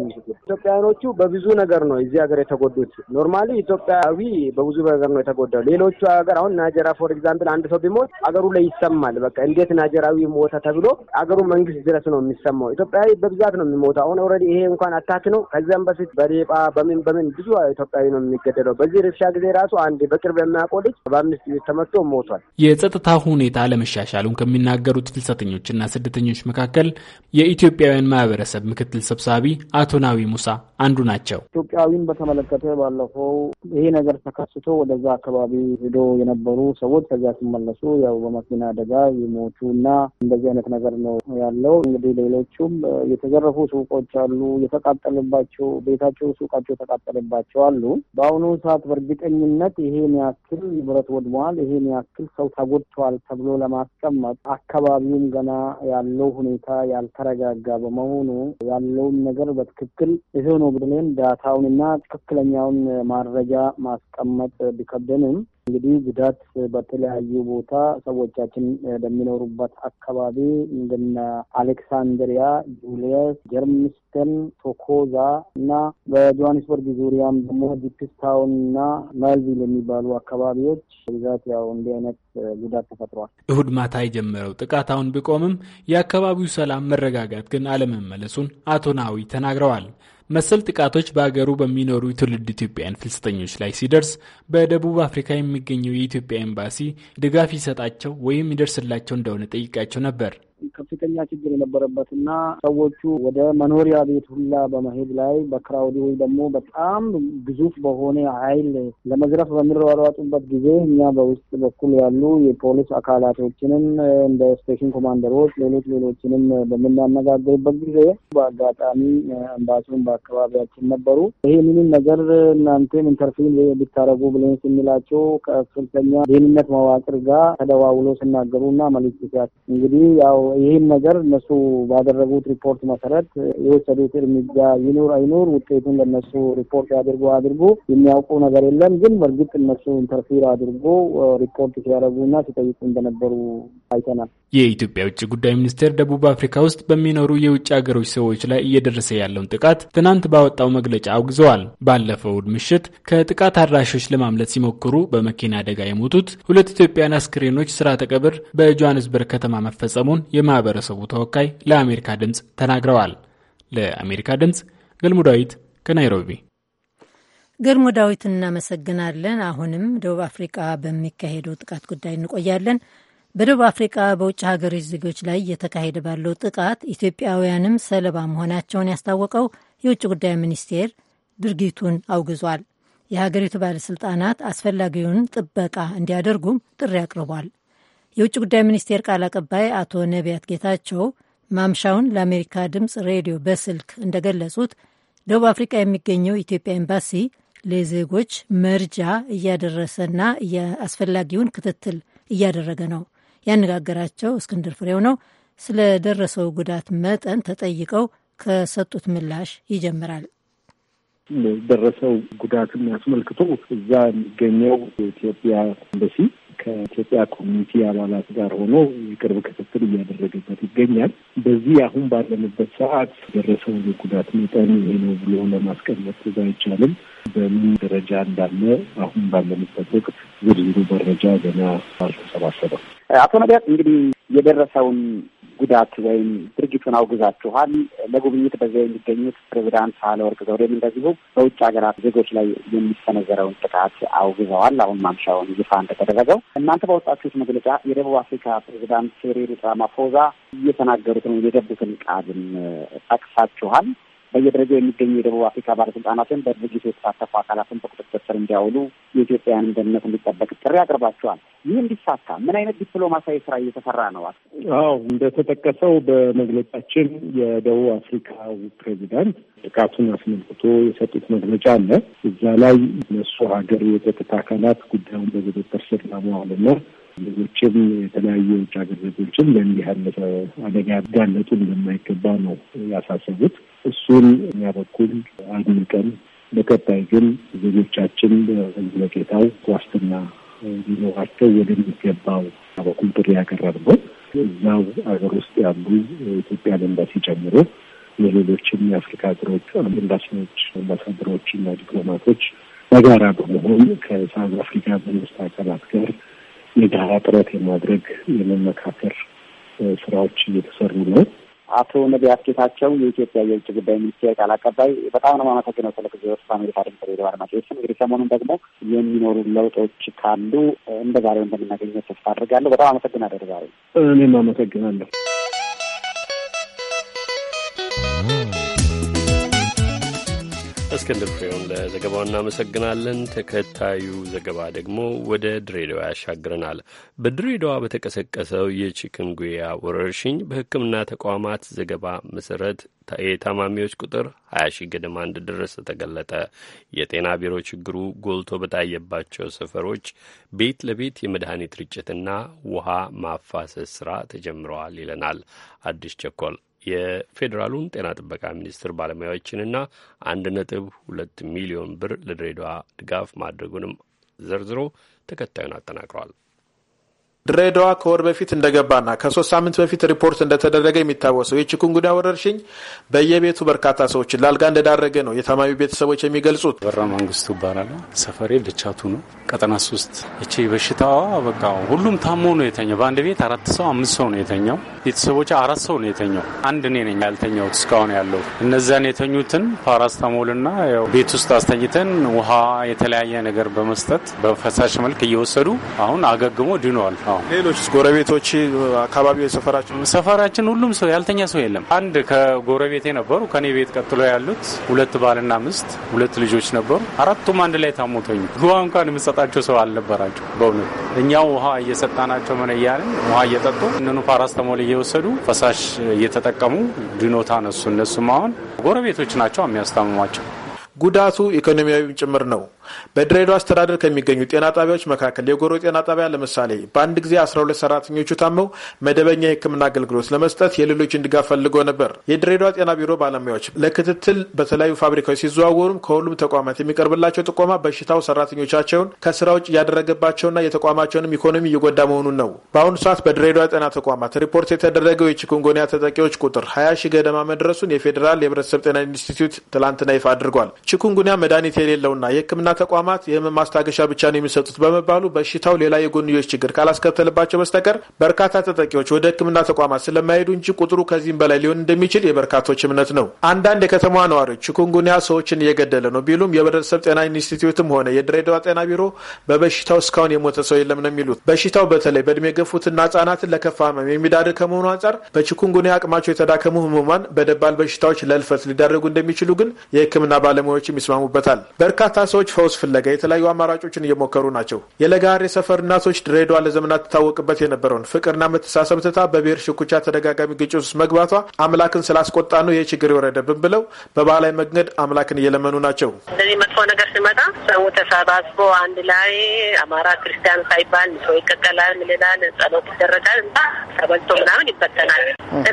Speaker 12: ኢትዮጵያውያኖቹ በብዙ ነገር ነው እዚህ ሀገር የተጎዱት። ኖርማሊ ኢትዮጵያ አካባቢ በብዙ ነገር ነው የተጎዳው። ሌሎቹ ሀገር አሁን ናጀራ ፎር ኤግዛምፕል አንድ ሰው ቢሞት አገሩ ላይ ይሰማል። በቃ እንዴት ናጀራዊ ሞተ ተብሎ አገሩ መንግስት ድረስ ነው የሚሰማው። ኢትዮጵያዊ በብዛት ነው የሚሞተው። አሁን ኦልሬዲ ይሄ እንኳን አታክ ነው። ከዚያም በፊት በሌጳ በምን በምን ብዙ ኢትዮጵያዊ ነው የሚገደለው። በዚህ ረብሻ ጊዜ ራሱ አንድ በቅርብ የሚያውቀው ልጅ በአምስት ተመቶ ሞቷል።
Speaker 9: የጸጥታ ሁኔታ አለመሻሻሉን ከሚናገሩት ፍልሰተኞችና ስደተኞች መካከል የኢትዮጵያውያን ማህበረሰብ ምክትል ሰብሳቢ አቶ ናዊ ሙሳ አንዱ ናቸው።
Speaker 13: ኢትዮጵያዊን በተመለከተ ባለፈው ይሄ ነገር ተከስቶ ወደዛ አካባቢ ሄዶ የነበሩ ሰዎች ከዚያ ሲመለሱ ያው በመኪና አደጋ የሞቱ እና እንደዚህ አይነት ነገር ነው ያለው። እንግዲህ ሌሎቹም የተዘረፉ ሱቆች አሉ፣ የተቃጠልባቸው ቤታቸው፣ ሱቃቸው የተቃጠለባቸው አሉ። በአሁኑ ሰዓት በእርግጠኝነት ይሄን ያክል ንብረት ወድመዋል፣ ይሄን ያክል ሰው ተጎድቷል ተብሎ ለማስቀመጥ አካባቢውም ገና ያለው ሁኔታ ያልተረጋጋ በመሆኑ ያለውን ነገር በትክክል ይሄ ነው ቡድንን ዳታውንና ትክክለኛውን ማረጃ ማስቀመጥ ቢከብደንም እንግዲህ ጉዳት በተለያዩ ቦታ ሰዎቻችን በሚኖሩበት አካባቢ እንደነ አሌክሳንድሪያ፣ ጁልየስ፣ ጀርምስተን፣ ቶኮዛ እና በጆሃንስበርግ ዙሪያም ደግሞ ዲፕስታውን እና መልቪል የሚባሉ አካባቢዎች ብዛት ያው እንዲህ አይነት ጉዳት ተፈጥሯል።
Speaker 9: እሁድ ማታ የጀመረው ጥቃት አሁን ቢቆምም የአካባቢው ሰላም መረጋጋት ግን አለመመለሱን አቶ ናዊ ተናግረዋል። መሰል ጥቃቶች በአገሩ በሚኖሩ ትውልድ ኢትዮጵያውያን ፍልሰተኞች ላይ ሲደርስ በደቡብ አፍሪካ የሚገኘው የኢትዮጵያ ኤምባሲ ድጋፍ ይሰጣቸው ወይም ይደርስላቸው እንደሆነ ጠይቃቸው ነበር።
Speaker 13: ከፍተኛ ችግር የነበረበት እና ሰዎቹ ወደ መኖሪያ ቤት ሁላ በመሄድ ላይ በክራውዲ ወይ ደግሞ በጣም ግዙፍ በሆነ ኃይል ለመዝረፍ በሚሯሯጡበት ጊዜ እኛ በውስጥ በኩል ያሉ የፖሊስ አካላቶችንም እንደ ስቴሽን ኮማንደሮች፣ ሌሎች ሌሎችንም በምናነጋግርበት ጊዜ
Speaker 5: በአጋጣሚ አምባሲውን በአካባቢያችን ነበሩ።
Speaker 13: ይሄ ምንም ነገር እናንተም ኢንተርፊን ብታረጉ ብለን ስንላቸው ከፍተኛ ደህንነት መዋቅር ጋር ተደዋውሎ ስናገሩ እና መልስ ሲያት እንግዲህ ያው ይህን ነገር እነሱ ባደረጉት ሪፖርት መሰረት የወሰዱት እርምጃ ይኑር አይኑር ውጤቱን ለነሱ ሪፖርት ያድርጉ አድርጉ የሚያውቁ ነገር የለም። ግን በእርግጥ እነሱ ኢንተርፊር አድርጎ ሪፖርት ሲያደርጉና ሲጠይቁ እንደነበሩ አይተናል።
Speaker 9: የኢትዮጵያ ውጭ ጉዳይ ሚኒስቴር ደቡብ አፍሪካ ውስጥ በሚኖሩ የውጭ ሀገሮች ሰዎች ላይ እየደረሰ ያለውን ጥቃት ትናንት ባወጣው መግለጫ አውግዘዋል። ባለፈው እሁድ ምሽት ከጥቃት አድራሾች ለማምለጥ ሲሞክሩ በመኪና አደጋ የሞቱት ሁለት ኢትዮጵያውያን አስክሬኖች ስርዓተ ቀብር በጆሃንስበርግ ከተማ መፈጸሙን የማህበረሰቡ ተወካይ ለአሜሪካ ድምፅ ተናግረዋል። ለአሜሪካ ድምፅ ገልሙ ዳዊት ከናይሮቢ።
Speaker 3: ገልሙ ዳዊት እናመሰግናለን። አሁንም ደቡብ አፍሪቃ በሚካሄደው ጥቃት ጉዳይ እንቆያለን። በደቡብ አፍሪቃ በውጭ ሀገሮች ዜጎች ላይ እየተካሄደ ባለው ጥቃት ኢትዮጵያውያንም ሰለባ መሆናቸውን ያስታወቀው የውጭ ጉዳይ ሚኒስቴር ድርጊቱን አውግዟል። የሀገሪቱ ባለስልጣናት አስፈላጊውን ጥበቃ እንዲያደርጉም ጥሪ አቅርቧል። የውጭ ጉዳይ ሚኒስቴር ቃል አቀባይ አቶ ነቢያት ጌታቸው ማምሻውን ለአሜሪካ ድምፅ ሬዲዮ በስልክ እንደገለጹት ደቡብ አፍሪካ የሚገኘው የኢትዮጵያ ኤምባሲ ለዜጎች መርጃ እያደረሰና አስፈላጊውን ክትትል እያደረገ ነው። ያነጋገራቸው እስክንድር ፍሬው ነው። ስለደረሰው ጉዳት መጠን ተጠይቀው ከሰጡት ምላሽ ይጀምራል።
Speaker 5: ደረሰው ጉዳትን አስመልክቶ እዛ የሚገኘው የኢትዮጵያ ኤምባሲ ከኢትዮጵያ ኮሚኒቲ አባላት ጋር ሆኖ የቅርብ ክትትል እያደረገበት ይገኛል። በዚህ አሁን ባለንበት ሰዓት ደረሰው የጉዳት መጠን ይሄ ነው ብሎ ለማስቀመጥ አይቻልም። በምን ደረጃ እንዳለ አሁን ባለንበት ወቅት ዝርዝሩ መረጃ ገና አልተሰባሰበም። አቶ ነቢያት እንግዲህ የደረሰውን ጉዳት ወይም ድርጅቱን አውግዛችኋል። ለጉብኝት በዚያ የሚገኙት ፕሬዚዳንት ሳህለወርቅ ዘውዴም እንደዚሁ በውጭ ሀገራት ዜጎች ላይ የሚሰነዘረውን ጥቃት አውግዘዋል። አሁን
Speaker 14: ማምሻውን ይፋ እንደተደረገው
Speaker 5: እናንተ በወጣችሁት መግለጫ የደቡብ አፍሪካ ፕሬዚዳንት ሲሪል ራማፎዛ እየተናገሩትን የገቡትን ቃልም ጠቅሳችኋል። በየደረጃው የሚገኙ የደቡብ አፍሪካ ባለስልጣናትን በድርጊቱ የተሳተፉ አካላትን በቁጥጥር ስር እንዲያውሉ የኢትዮጵያውያን ደህንነት
Speaker 11: እንዲጠበቅ ጥሪ አቅርባቸዋል። ይህ እንዲሳካ ምን አይነት ዲፕሎማሲያዊ ስራ እየተሰራ ነው?
Speaker 5: አዎ እንደተጠቀሰው በመግለጫችን የደቡብ አፍሪካው ፕሬዚዳንት ጥቃቱን አስመልክቶ የሰጡት መግለጫ አለ። እዛ ላይ እነሱ ሀገር የጸጥታ አካላት ጉዳዩን በቁጥጥር ስር ለማዋልና ዜጎችም የተለያዩ የውጭ ሀገር ዜጎችም ለእንዲህ ያለፈ አደጋ ያጋለጡ እንደማይገባ ነው ያሳሰቡት። እሱን እኛ በኩል አድንቀን በቀጣይ ግን ዜጎቻችን በዘለቄታው ዋስትና ሊኖራቸው ወደሚገባው በኩል ጥሪ ያቀረብ ነው። እዛው ሀገር ውስጥ ያሉ ኢትዮጵያን ኤምባሲ ጨምሮ የሌሎችም የአፍሪካ ሀገሮች ኤምባሲዎች፣ አምባሳደሮች እና ዲፕሎማቶች በጋራ በመሆን ከሳውዝ አፍሪካ መንግስት አካላት ጋር የድሀ ጥረት የማድረግ የመመካከር ስራዎች እየተሰሩ ነው። አቶ ነቢያት ጌታቸው የኢትዮጵያ የውጭ ጉዳይ ሚኒስቴር ቃል አቀባይ፣ በጣም ነው የማመሰግነው ስለ ጊዜዎች። በአሜሪካ ድምጽ ሬዲዮ አድማጮችም እንግዲህ ሰሞኑን ደግሞ የሚኖሩ ለውጦች ካሉ እንደ ዛሬው እንደምናገኘው ተስፋ አድርጋለሁ። በጣም አመሰግናለሁ። ዛሬ እኔም አመሰግናለሁ።
Speaker 1: እስክንድር ፍሬውን ለዘገባው እናመሰግናለን። ተከታዩ ዘገባ ደግሞ ወደ ድሬዳዋ ያሻግረናል። በድሬዳዋ በተቀሰቀሰው የቺክንጉያ ወረርሽኝ በሕክምና ተቋማት ዘገባ መሰረት የታማሚዎች ቁጥር ሀያ ሺህ ገደማ እንደደረሰ ተገለጠ። የጤና ቢሮ ችግሩ ጎልቶ በታየባቸው ሰፈሮች ቤት ለቤት የመድኃኒት ርጭትና ውሃ ማፋሰስ ስራ ተጀምረዋል ይለናል አዲስ ቸኮል የፌዴራሉን ጤና ጥበቃ ሚኒስቴር ባለሙያዎችንና አንድ ነጥብ ሁለት ሚሊዮን ብር ለድሬዳዋ ድጋፍ ማድረጉንም ዘርዝሮ ተከታዩን አጠናቅሯል።
Speaker 8: ድሬዳዋ ከወር በፊት እንደገባና ከሶስት ሳምንት በፊት ሪፖርት እንደተደረገ የሚታወሰው የቺኩንጉንያ ወረርሽኝ በየቤቱ በርካታ ሰዎችን ላልጋ እንደዳረገ ነው የታማሚ ቤተሰቦች የሚገልጹት።
Speaker 9: በራ መንግስቱ ይባላል። ሰፈሬ ልቻቱ ነው፣ ቀጠና ሶስት። እቺ በሽታዋ በቃ ሁሉም ታሞ ነው የተኛው። በአንድ ቤት አራት ሰው አምስት ሰው ነው የተኛው። ቤተሰቦች አራት ሰው ነው የተኛው። አንድ እኔ ነኝ ያልተኛው እስካሁን ያለው። እነዚያን የተኙትን ፓራስታሞልና ቤት ውስጥ አስተኝተን ውሃ የተለያየ ነገር በመስጠት በፈሳሽ መልክ እየወሰዱ አሁን አገግሞ ድነዋል።
Speaker 8: ሌሎች ጎረቤቶች አካባቢ ሰፈራችን
Speaker 9: ሰፈራችን ሁሉም ሰው ያልተኛ ሰው የለም። አንድ ከጎረቤቴ ነበሩ። ከኔ ቤት ቀጥሎ ያሉት ሁለት ባልና ሚስት ሁለት ልጆች ነበሩ። አራቱም አንድ ላይ ታሞተኝ ውሃ እንኳን የምሰጣቸው ሰው አልነበራቸው። በእውነት እኛው ውሃ እየሰጣናቸው ምን እያለን ውሃ እየጠጡ እንኑ ፓራስተሞል እየወሰዱ
Speaker 8: ፈሳሽ እየተጠቀሙ ድኖታ ነሱ እነሱም አሁን ጎረቤቶች ናቸው የሚያስታምሟቸው። ጉዳቱ ኢኮኖሚያዊም ጭምር ነው። በድሬዳዋ አስተዳደር ከሚገኙ ጤና ጣቢያዎች መካከል የጎሮ ጤና ጣቢያ ለምሳሌ በአንድ ጊዜ 12 ሰራተኞቹ ታመው መደበኛ የሕክምና አገልግሎት ለመስጠት የሌሎችን ድጋፍ ፈልጎ ነበር። የድሬዳዋ ጤና ቢሮ ባለሙያዎች ለክትትል በተለያዩ ፋብሪካዎች ሲዘዋወሩም ከሁሉም ተቋማት የሚቀርብላቸው ጥቆማ በሽታው ሰራተኞቻቸውን ከስራ ውጭ እያደረገባቸውና የተቋማቸውንም ኢኮኖሚ እየጎዳ መሆኑን ነው። በአሁኑ ሰዓት በድሬዳዋ ጤና ተቋማት ሪፖርት የተደረገው የቺኩንጎኒያ ተጠቂዎች ቁጥር 20 ሺህ ገደማ መድረሱን የፌዴራል የህብረተሰብ ጤና ኢንስቲትዩት ትላንትና ይፋ አድርጓል። ቺኩንጉኒያ መድኃኒት የሌለውና የህክምና ተቋማት የህመም ማስታገሻ ብቻ ነው የሚሰጡት በመባሉ በሽታው ሌላ የጎንዮች ችግር ካላስከተልባቸው በስተቀር በርካታ ተጠቂዎች ወደ ህክምና ተቋማት ስለማይሄዱ እንጂ ቁጥሩ ከዚህም በላይ ሊሆን እንደሚችል የበርካቶች እምነት ነው። አንዳንድ የከተማዋ ነዋሪዎች ቺኩንጉኒያ ሰዎችን እየገደለ ነው ቢሉም የህብረተሰብ ጤና ኢንስቲትዩትም ሆነ የድሬዳዋ ጤና ቢሮ በበሽታው እስካሁን የሞተ ሰው የለም ነው የሚሉት። በሽታው በተለይ በእድሜ የገፉትና ህጻናትን ለከፋ ህመም የሚዳርግ ከመሆኑ አንጻር በቺኩንጉኒያ አቅማቸው የተዳከሙ ህሙማን በደባል በሽታዎች ለልፈት ሊዳረጉ እንደሚችሉ ግን የህክምና ባለሙያዎችም ይስማሙበታል። በርካታ ሰዎች ቀውስ ፍለጋ የተለያዩ አማራጮችን እየሞከሩ ናቸው። የለጋሪ ሰፈር እናቶች ድሬዳዋ ለዘመናት ትታወቅበት የነበረውን ፍቅርና መተሳሰብ ትታ በብሔር ሽኩቻ ተደጋጋሚ ግጭት ውስጥ መግባቷ አምላክን ስላስቆጣ ነው ይህ ችግር የወረደብን ብለው በባህላዊ መንገድ አምላክን እየለመኑ ናቸው።
Speaker 15: እንደዚህ መጥፎ ነገር ሲመጣ ሰው ተሰባስቦ አንድ ላይ አማራ ክርስቲያን ሳይባል ሰው ይቀቀላል፣ ምልላል፣ ጸሎት ይደረጋል እና ተበልቶ ምናምን ይበተናል።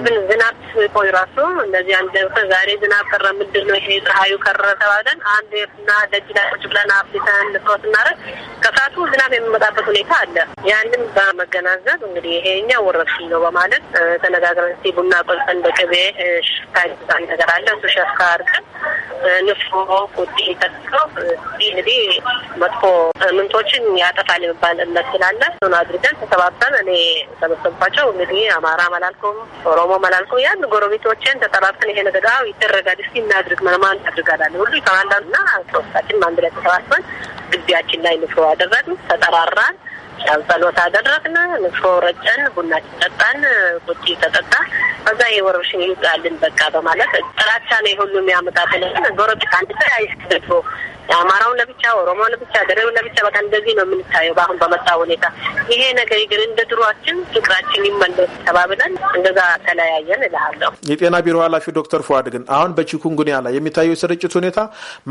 Speaker 15: ብን ዝናብ ቆይ ራሱ እነዚህ አንድ ዛሬ ዝናብ ቀረ ምንድን ነው ይሄ ፀሐዩ ከረ ተባለን አንድ ና ደጅ ላይ ቁጭ ብላ አብቅተን አብቅተን ንፍሮ ስናደርግ ከሰዓቱ ዝናብ የሚመጣበት ሁኔታ አለ። ያንም በመገናዘብ እንግዲህ ይሄኛ ወረርሽኝ ነው በማለት ተነጋግረን እስኪ ቡና ቆልጠን በቅቤ ሽፍታ ይባል ነገር አለ። እሱ ሸፍካ አድርገን ንፍሮ ቁጢ ተስለው እንግዲህ መጥፎ ምንቶችን ያጠፋል የሚባል እምነት ስላለ እሱን አድርገን ተሰባብተን እኔ ሰበሰብኳቸው። እንግዲህ አማራ መላልኩም ኦሮሞ መላልኩም ያን ጎረቤቶችን ተጠራርተን ይሄ ነገር ይደረጋል እስኪ እናድርግ መለማን አድርጋላለ ሁሉ ይተማላና ሰወሳችን አንድ ላይ ተሰባስበን ግቢያችን ላይ ንፍሮ አደረግን፣ ተጠራራን። ያው ጸሎት አደረግን፣ ንፍሮ ረጨን፣ ቡና ተጠጣን፣ ቁጭ ተጠጣ። ከዛ የወረርሽኝ ይውጣልን በቃ በማለት ጥላቻ ነው የሁሉም ያመጣ ጎረቤት አንድ ተያይቶ አማራው ለብቻ፣ ኦሮሞን ለብቻ፣ ገሬው ለብቻ በቃ እንደዚህ ነው የምንታየው። በአሁን በመጣ ሁኔታ ይሄ ነገር ግን እንደ ድሯችን ፍቅራችን ይመለስ ተባብለን እንደዛ ተለያየን እልሃለሁ።
Speaker 8: የጤና ቢሮ ኃላፊው ዶክተር ፉአድ ግን አሁን በቺኩንጉኒያ ላይ የሚታየው የስርጭት ሁኔታ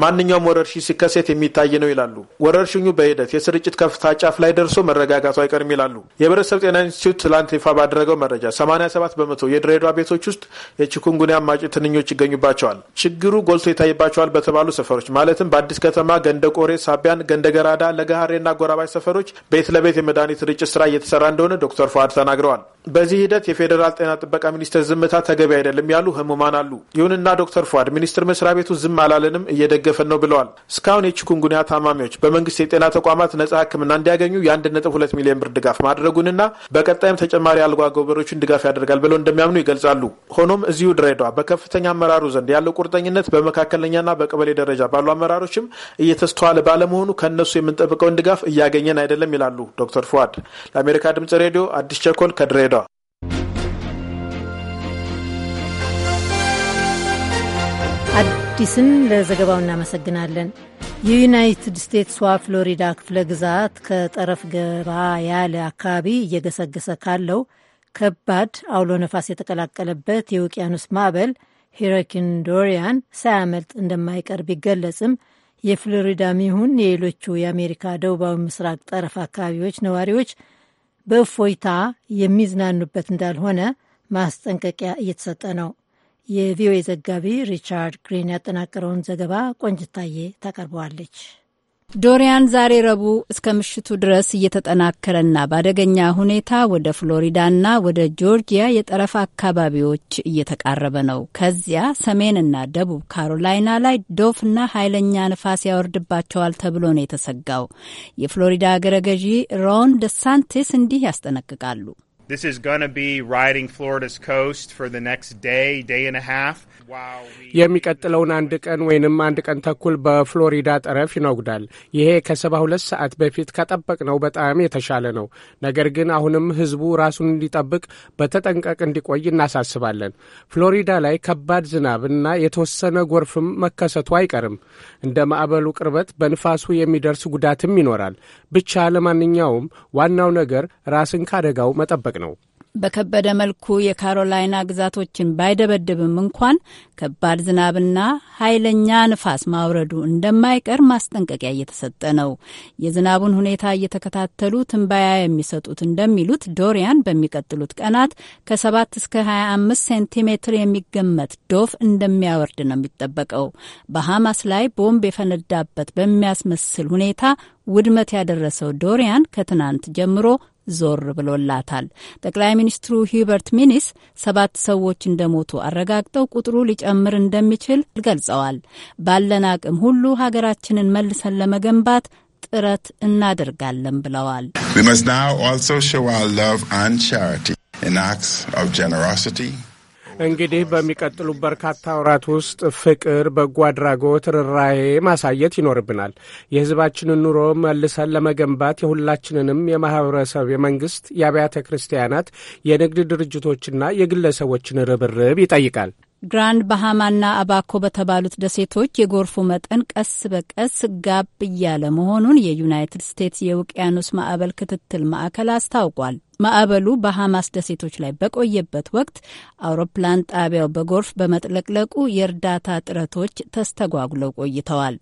Speaker 8: ማንኛውም ወረርሽኝ ሲከሰት የሚታይ ነው ይላሉ። ወረርሽኙ በሂደት የስርጭት ከፍታ ጫፍ ላይ ደርሶ መረጋጋቱ አይቀርም ይላሉ። የህብረተሰብ ጤና ኢንስቲትዩት ትላንት ይፋ ባደረገው መረጃ 87 በመቶ የድሬዳዋ ቤቶች ውስጥ የቺኩንጉኒያ አማጭ ትንኞች ይገኙባቸዋል። ችግሩ ጎልቶ ይታይባቸዋል በተባሉ ሰፈሮች ማለትም በአዲስ ከተማ ገንደ ቆሬ፣ ሳቢያን፣ ገንደ ገራዳ፣ ለገሃሬና ጎራባች ሰፈሮች ቤት ለቤት የመድኃኒት ርጭት ስራ እየተሰራ እንደሆነ ዶክተር ፏድ ተናግረዋል። በዚህ ሂደት የፌዴራል ጤና ጥበቃ ሚኒስቴር ዝምታ ተገቢ አይደለም ያሉ ህሙማን አሉ። ይሁንና ዶክተር ፏድ ሚኒስቴር መስሪያ ቤቱ ዝም አላለንም እየደገፈን ነው ብለዋል። እስካሁን የቺኩንጉኒያ ታማሚዎች በመንግስት የጤና ተቋማት ነጻ ሕክምና እንዲያገኙ የ1.2 ሚሊዮን ብር ድጋፍ ማድረጉንና በቀጣይም ተጨማሪ አልጓ ገበሮችን ድጋፍ ያደርጋል ብለው እንደሚያምኑ ይገልጻሉ። ሆኖም እዚሁ ድሬዳዋ በከፍተኛ አመራሩ ዘንድ ያለው ቁርጠኝነት በመካከለኛና በቀበሌ ደረጃ ባሉ አመራሮችም እየተስተዋለ ባለመሆኑ ከእነሱ የምንጠብቀውን ድጋፍ እያገኘን አይደለም ይላሉ ዶክተር ፏድ። ለአሜሪካ ድምጽ ሬዲዮ አዲስ ቸኮል ከድሬዳዋ
Speaker 3: አዲስን ለዘገባው እናመሰግናለን። የዩናይትድ ስቴትስዋ ፍሎሪዳ ክፍለ ግዛት ከጠረፍ ገባ ያለ አካባቢ እየገሰገሰ ካለው ከባድ አውሎ ነፋስ የተቀላቀለበት የውቅያኖስ ማዕበል ሂሪኬን ዶሪያን ሳያመልጥ እንደማይቀር ቢገለጽም የፍሎሪዳም ይሁን የሌሎቹ የአሜሪካ ደቡባዊ ምስራቅ ጠረፍ አካባቢዎች ነዋሪዎች በእፎይታ የሚዝናኑበት እንዳልሆነ ማስጠንቀቂያ እየተሰጠ ነው። የቪኦኤ ዘጋቢ ሪቻርድ ግሪን ያጠናቀረውን ዘገባ ቆንጅታዬ ታቀርበዋለች።
Speaker 4: ዶሪያን ዛሬ ረቡዕ እስከ ምሽቱ ድረስ እየተጠናከረና በአደገኛ ሁኔታ ወደ ፍሎሪዳና ወደ ጆርጂያ የጠረፍ አካባቢዎች እየተቃረበ ነው። ከዚያ ሰሜንና ደቡብ ካሮላይና ላይ ዶፍና ኃይለኛ ንፋስ ያወርድባቸዋል ተብሎ ነው የተሰጋው። የፍሎሪዳ አገረ ገዢ ሮን ደሳንቴስ እንዲህ ያስጠነቅቃሉ። This የሚቀጥለውን አንድ ቀን ወይንም
Speaker 16: አንድ ቀን ተኩል በፍሎሪዳ ጠረፍ ይነጉዳል። ይሄ ከሰባ ሁለት ሰዓት በፊት ከጠበቅነው በጣም የተሻለ ነው። ነገር ግን አሁንም ህዝቡ ራሱን እንዲጠብቅ በተጠንቀቅ እንዲቆይ እናሳስባለን። ፍሎሪዳ ላይ ከባድ ዝናብ እና የተወሰነ ጎርፍም መከሰቱ አይቀርም። እንደ ማዕበሉ ቅርበት በንፋሱ የሚደርስ ጉዳትም ይኖራል። ብቻ ለማንኛውም ዋናው ነገር ራስን ካደጋው መጠበቅ ማድረግ ነው።
Speaker 4: በከበደ መልኩ የካሮላይና ግዛቶችን ባይደበድብም እንኳን ከባድ ዝናብና ኃይለኛ ንፋስ ማውረዱ እንደማይቀር ማስጠንቀቂያ እየተሰጠ ነው። የዝናቡን ሁኔታ እየተከታተሉ ትንባያ የሚሰጡት እንደሚሉት ዶሪያን በሚቀጥሉት ቀናት ከ7 እስከ 25 ሴንቲሜትር የሚገመት ዶፍ እንደሚያወርድ ነው የሚጠበቀው። በሐማስ ላይ ቦምብ የፈነዳበት በሚያስመስል ሁኔታ ውድመት ያደረሰው ዶሪያን ከትናንት ጀምሮ ዞር ብሎላታል። ጠቅላይ ሚኒስትሩ ሂበርት ሚኒስ ሰባት ሰዎች እንደሞቱ አረጋግጠው ቁጥሩ ሊጨምር እንደሚችል ገልጸዋል። ባለን አቅም ሁሉ ሀገራችንን መልሰን ለመገንባት ጥረት እናደርጋለን ብለዋል።
Speaker 8: We must now also show our love and charity in acts of generosity.
Speaker 16: እንግዲህ በሚቀጥሉ በርካታ ወራት ውስጥ ፍቅር፣ በጎ አድራጎት፣ ርኅራኄ ማሳየት ይኖርብናል። የህዝባችንን ኑሮ መልሰን ለመገንባት የሁላችንንም የማህበረሰብ የመንግስት የአብያተ ክርስቲያናት፣ የንግድ ድርጅቶችና የግለሰቦችን ርብርብ ይጠይቃል።
Speaker 4: ግራንድ ባሃማና አባኮ በተባሉት ደሴቶች የጎርፉ መጠን ቀስ በቀስ ጋብ እያለ መሆኑን የዩናይትድ ስቴትስ የውቅያኖስ ማዕበል ክትትል ማዕከል አስታውቋል። ማዕበሉ በሐማስ ደሴቶች ላይ በቆየበት ወቅት አውሮፕላን ጣቢያው በጎርፍ በመጥለቅለቁ የእርዳታ ጥረቶች ተስተጓጉለው ቆይተዋል።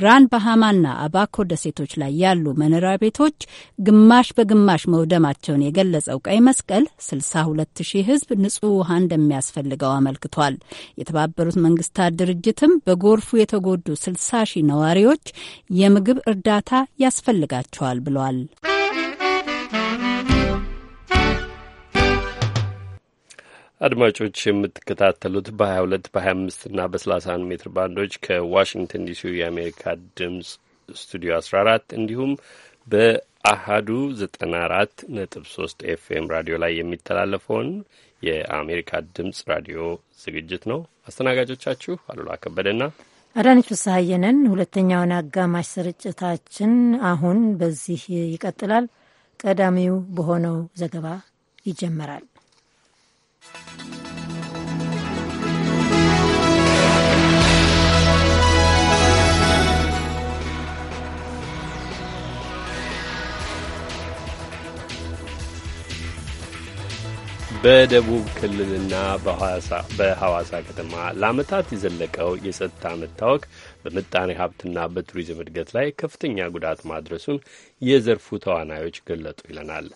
Speaker 4: ግራንድ ባሃማና አባኮ ደሴቶች ላይ ያሉ መኖሪያ ቤቶች ግማሽ በግማሽ መውደማቸውን የገለጸው ቀይ መስቀል 62 ሺህ ሕዝብ ንጹህ ውሃ እንደሚያስፈልገው አመልክቷል። የተባበሩት መንግስታት ድርጅትም በጎርፉ የተጎዱ 60 ሺህ ነዋሪዎች የምግብ እርዳታ ያስፈልጋቸዋል ብሏል።
Speaker 1: አድማጮች የምትከታተሉት በ22 በ25 እና በ31 ሜትር ባንዶች ከዋሽንግተን ዲሲ የአሜሪካ ድምፅ ስቱዲዮ 14 እንዲሁም በአሃዱ 94 ነጥብ 3 ኤፍኤም ራዲዮ ላይ የሚተላለፈውን የአሜሪካ ድምፅ ራዲዮ ዝግጅት ነው። አስተናጋጆቻችሁ አሉላ ከበደና
Speaker 3: አዳነች ፍስሐየንን። ሁለተኛውን አጋማሽ ስርጭታችን አሁን በዚህ ይቀጥላል። ቀዳሚው በሆነው ዘገባ ይጀመራል።
Speaker 1: በደቡብ ክልልና በሐዋሳ ከተማ ለዓመታት የዘለቀው የጸጥታ መታወክ በምጣኔ ሀብትና በቱሪዝም እድገት ላይ ከፍተኛ ጉዳት ማድረሱን የዘርፉ ተዋናዮች ገለጡ ይለናል።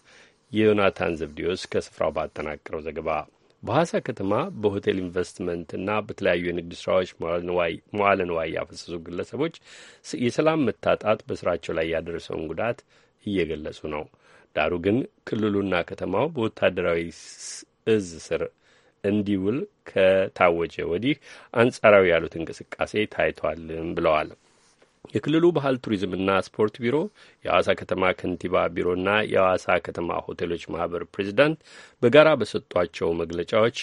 Speaker 1: የዮናታን ዘብዲዮስ ከስፍራው ባጠናቀረው ዘገባ በሐዋሳ ከተማ በሆቴል ኢንቨስትመንትና በተለያዩ የንግድ ስራዎች መዋለ ንዋይ ያፈሰሱ ግለሰቦች የሰላም መታጣት በስራቸው ላይ ያደረሰውን ጉዳት እየገለጹ ነው። ዳሩ ግን ክልሉና ከተማው በወታደራዊ እዝ ስር እንዲውል ከታወጀ ወዲህ አንጻራዊ ያሉት እንቅስቃሴ ታይቷልም ብለዋል። የክልሉ ባህል ቱሪዝምና ስፖርት ቢሮ የሐዋሳ ከተማ ከንቲባ ቢሮና የሐዋሳ ከተማ ሆቴሎች ማህበር ፕሬዚዳንት በጋራ በሰጧቸው መግለጫዎች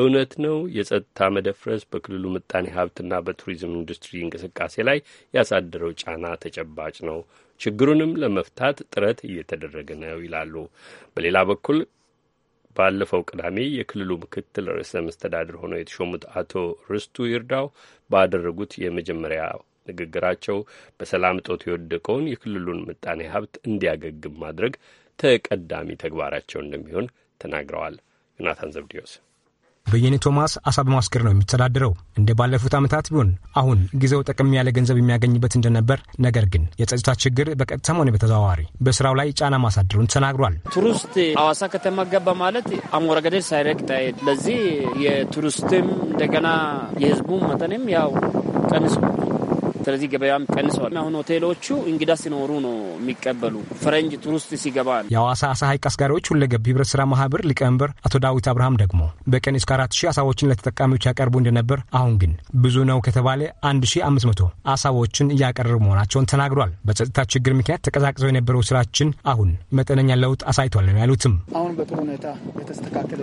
Speaker 1: እውነት ነው የጸጥታ መደፍረስ በክልሉ ምጣኔ ሀብትና በቱሪዝም ኢንዱስትሪ እንቅስቃሴ ላይ ያሳደረው ጫና ተጨባጭ ነው፣ ችግሩንም ለመፍታት ጥረት እየተደረገ ነው ይላሉ። በሌላ በኩል ባለፈው ቅዳሜ የክልሉ ምክትል ርዕሰ መስተዳድር ሆነው የተሾሙት አቶ ርስቱ ይርዳው ባደረጉት የመጀመሪያው ንግግራቸው በሰላም እጦት የወደቀውን የክልሉን ምጣኔ ሀብት እንዲያገግም ማድረግ ተቀዳሚ ተግባራቸው እንደሚሆን ተናግረዋል። ዮናታን ዘብዲዮስ
Speaker 16: በየኔ ቶማስ አሳ በማስገር ነው የሚተዳደረው። እንደ ባለፉት ዓመታት ቢሆን አሁን ጊዜው ጠቅም ያለ ገንዘብ የሚያገኝበት እንደነበር፣ ነገር ግን የጸጥታ ችግር በቀጥታም ሆነ በተዘዋዋሪ በስራው ላይ ጫና ማሳደሩን ተናግሯል።
Speaker 17: ቱሪስት አዋሳ ከተማ ገባ ማለት አሞራ ገደል ሳይረግጥ አይሄድ። ለዚህ የቱሪስትም እንደገና የህዝቡ መጠንም ያው ቀንስ ስለዚህ ገበያም ቀንሰዋል። አሁን ሆቴሎቹ እንግዳ ሲኖሩ ነው የሚቀበሉ ፈረንጅ ቱሪስት ሲገባ ነው።
Speaker 16: የአዋሳ አሳ ሀይቅ አስጋሪዎች ሁለገብ ህብረት ስራ ማህበር ሊቀመንበር አቶ ዳዊት አብርሃም ደግሞ በቀን እስከ አራት ሺህ አሳዎችን ለተጠቃሚዎች ያቀርቡ እንደነበር አሁን ግን ብዙ ነው ከተባለ አንድ ሺህ አምስት መቶ አሳዎችን እያቀረቡ መሆናቸውን ተናግሯል። በጸጥታ ችግር ምክንያት ተቀዛቅዘው የነበረው ስራችን አሁን መጠነኛ ለውጥ አሳይቷል ነው ያሉትም
Speaker 9: አሁን በጥሩ ሁኔታ የተስተካከለ